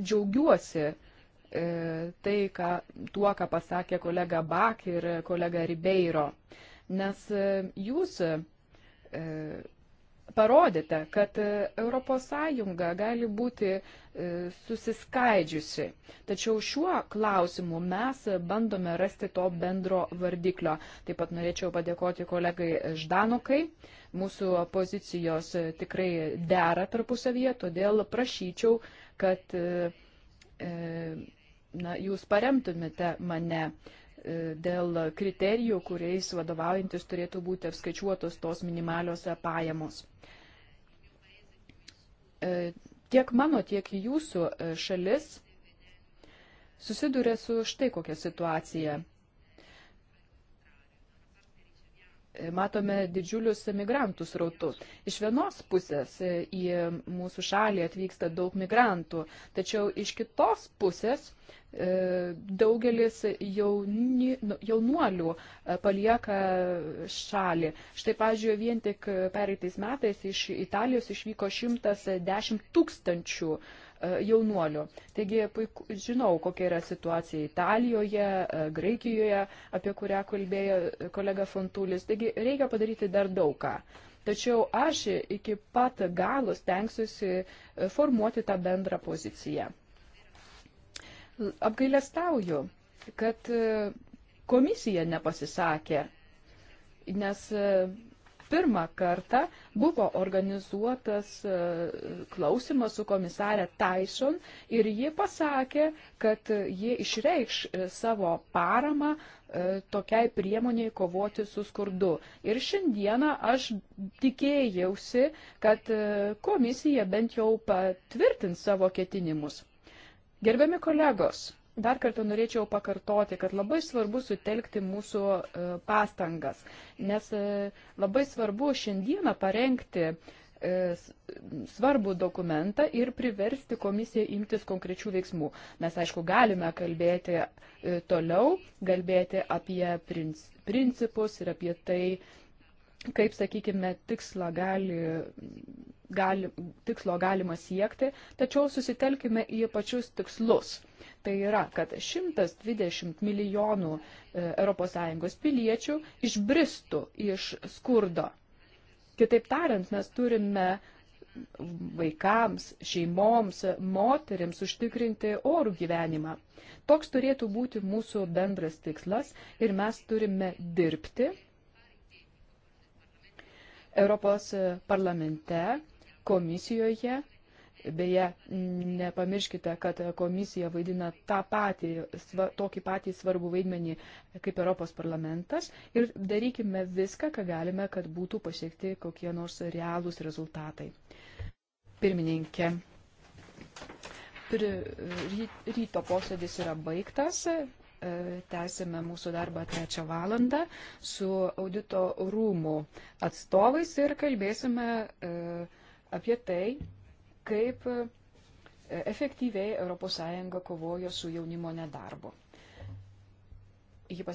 džiaugiuosi E, tai, ką, tuo, ką pasakė kolega Bak ir kolega Ribeiro. Nes e, jūs e, parodėte, kad ES gali būti susiskaidžiusi. Tačiau šiuo klausimu mes bandome rasti to bendro vardiklio. Taip pat norėčiau padėkoti kolegai Ždanokai. Mūsų pozicijos tikrai dera tarpusavyje, todėl prašyčiau, kad uh, E, na, jūs paremtumėte mane e, dėl kriterijų, kuriais vadovaujantis turėtų būti apskaičiuotos tos minimalios pajamos. E, tiek mano, tiek jūsų šalis susiduria su štai kokia situacija. matome didžiulius migrantų srautus. Iš vienos pusės e, į mūsų šalį atvyksta daug migrantų, tačiau iš kitos pusės e, daugelis jauni, nu, jaunuolių e, palieka šalį. Štai, pažiūrėjau, vien tik pereitais metais iš Italijos išvyko 110 tūkstančių 000 E, jaunuolių. Taigi, puiku, žinau, kokia yra situacija Italijoje, e, Graikijoje, apie kurią kalbėjo e, kolega Fontulis. Taigi, reikia padaryti dar daug ką. Tačiau aš iki pat galo stengsiuosi formuoti tą bendrą poziciją. Apgailestauju, kad komisija nepasisakė, nes pirmą kartą buvo organizuotas e, klausimas su komisarė Tyson ir ji pasakė, kad ji išreikš e, savo paramą e, tokiai priemoniai kovoti su skurdu. Ir šiandieną aš tikėjausi, kad komisija bent jau patvirtins savo ketinimus. Gerbiami kolegos, dar kartą norėčiau pakartoti, kad labai svarbu sutelkti mūsų e, pastangas, nes e, labai svarbu šiandieną parengti e, svarbų dokumentą ir priversti komisiją imtis konkrečių veiksmų. Mes, aišku, galime kalbėti toliau, kalbėti apie principus ir apie tai, kaip, sakykime, tikslą gali, gali, tikslo galima siekti, tačiau susitelkime į pačius tikslus. Tai yra, kad 120 milijonų e, ES piliečių išbristų iš skurdo. Kitaip tariant, mes turime vaikams, šeimoms, moteriams užtikrinti orų gyvenimą. Toks turėtų būti mūsų bendras tikslas ir mes turime dirbti Europos parlamente, komisijoje Beje, nepamirškite, kad komisija vaidina tą patį, sva, tokį patį svarbų vaidmenį kaip Europos parlamentas ir darykime viską, ką galime, kad būtų pasiekti kokie nors realūs rezultatai. Pirmininkė, pri, ryto posėdis yra baigtas. E, tęsime mūsų darbą trečią valandą su audito rūmų atstovais ir kalbėsime e, apie tai, kaip e, efektyviai ES kovojo su jaunimo nedarbu. Ji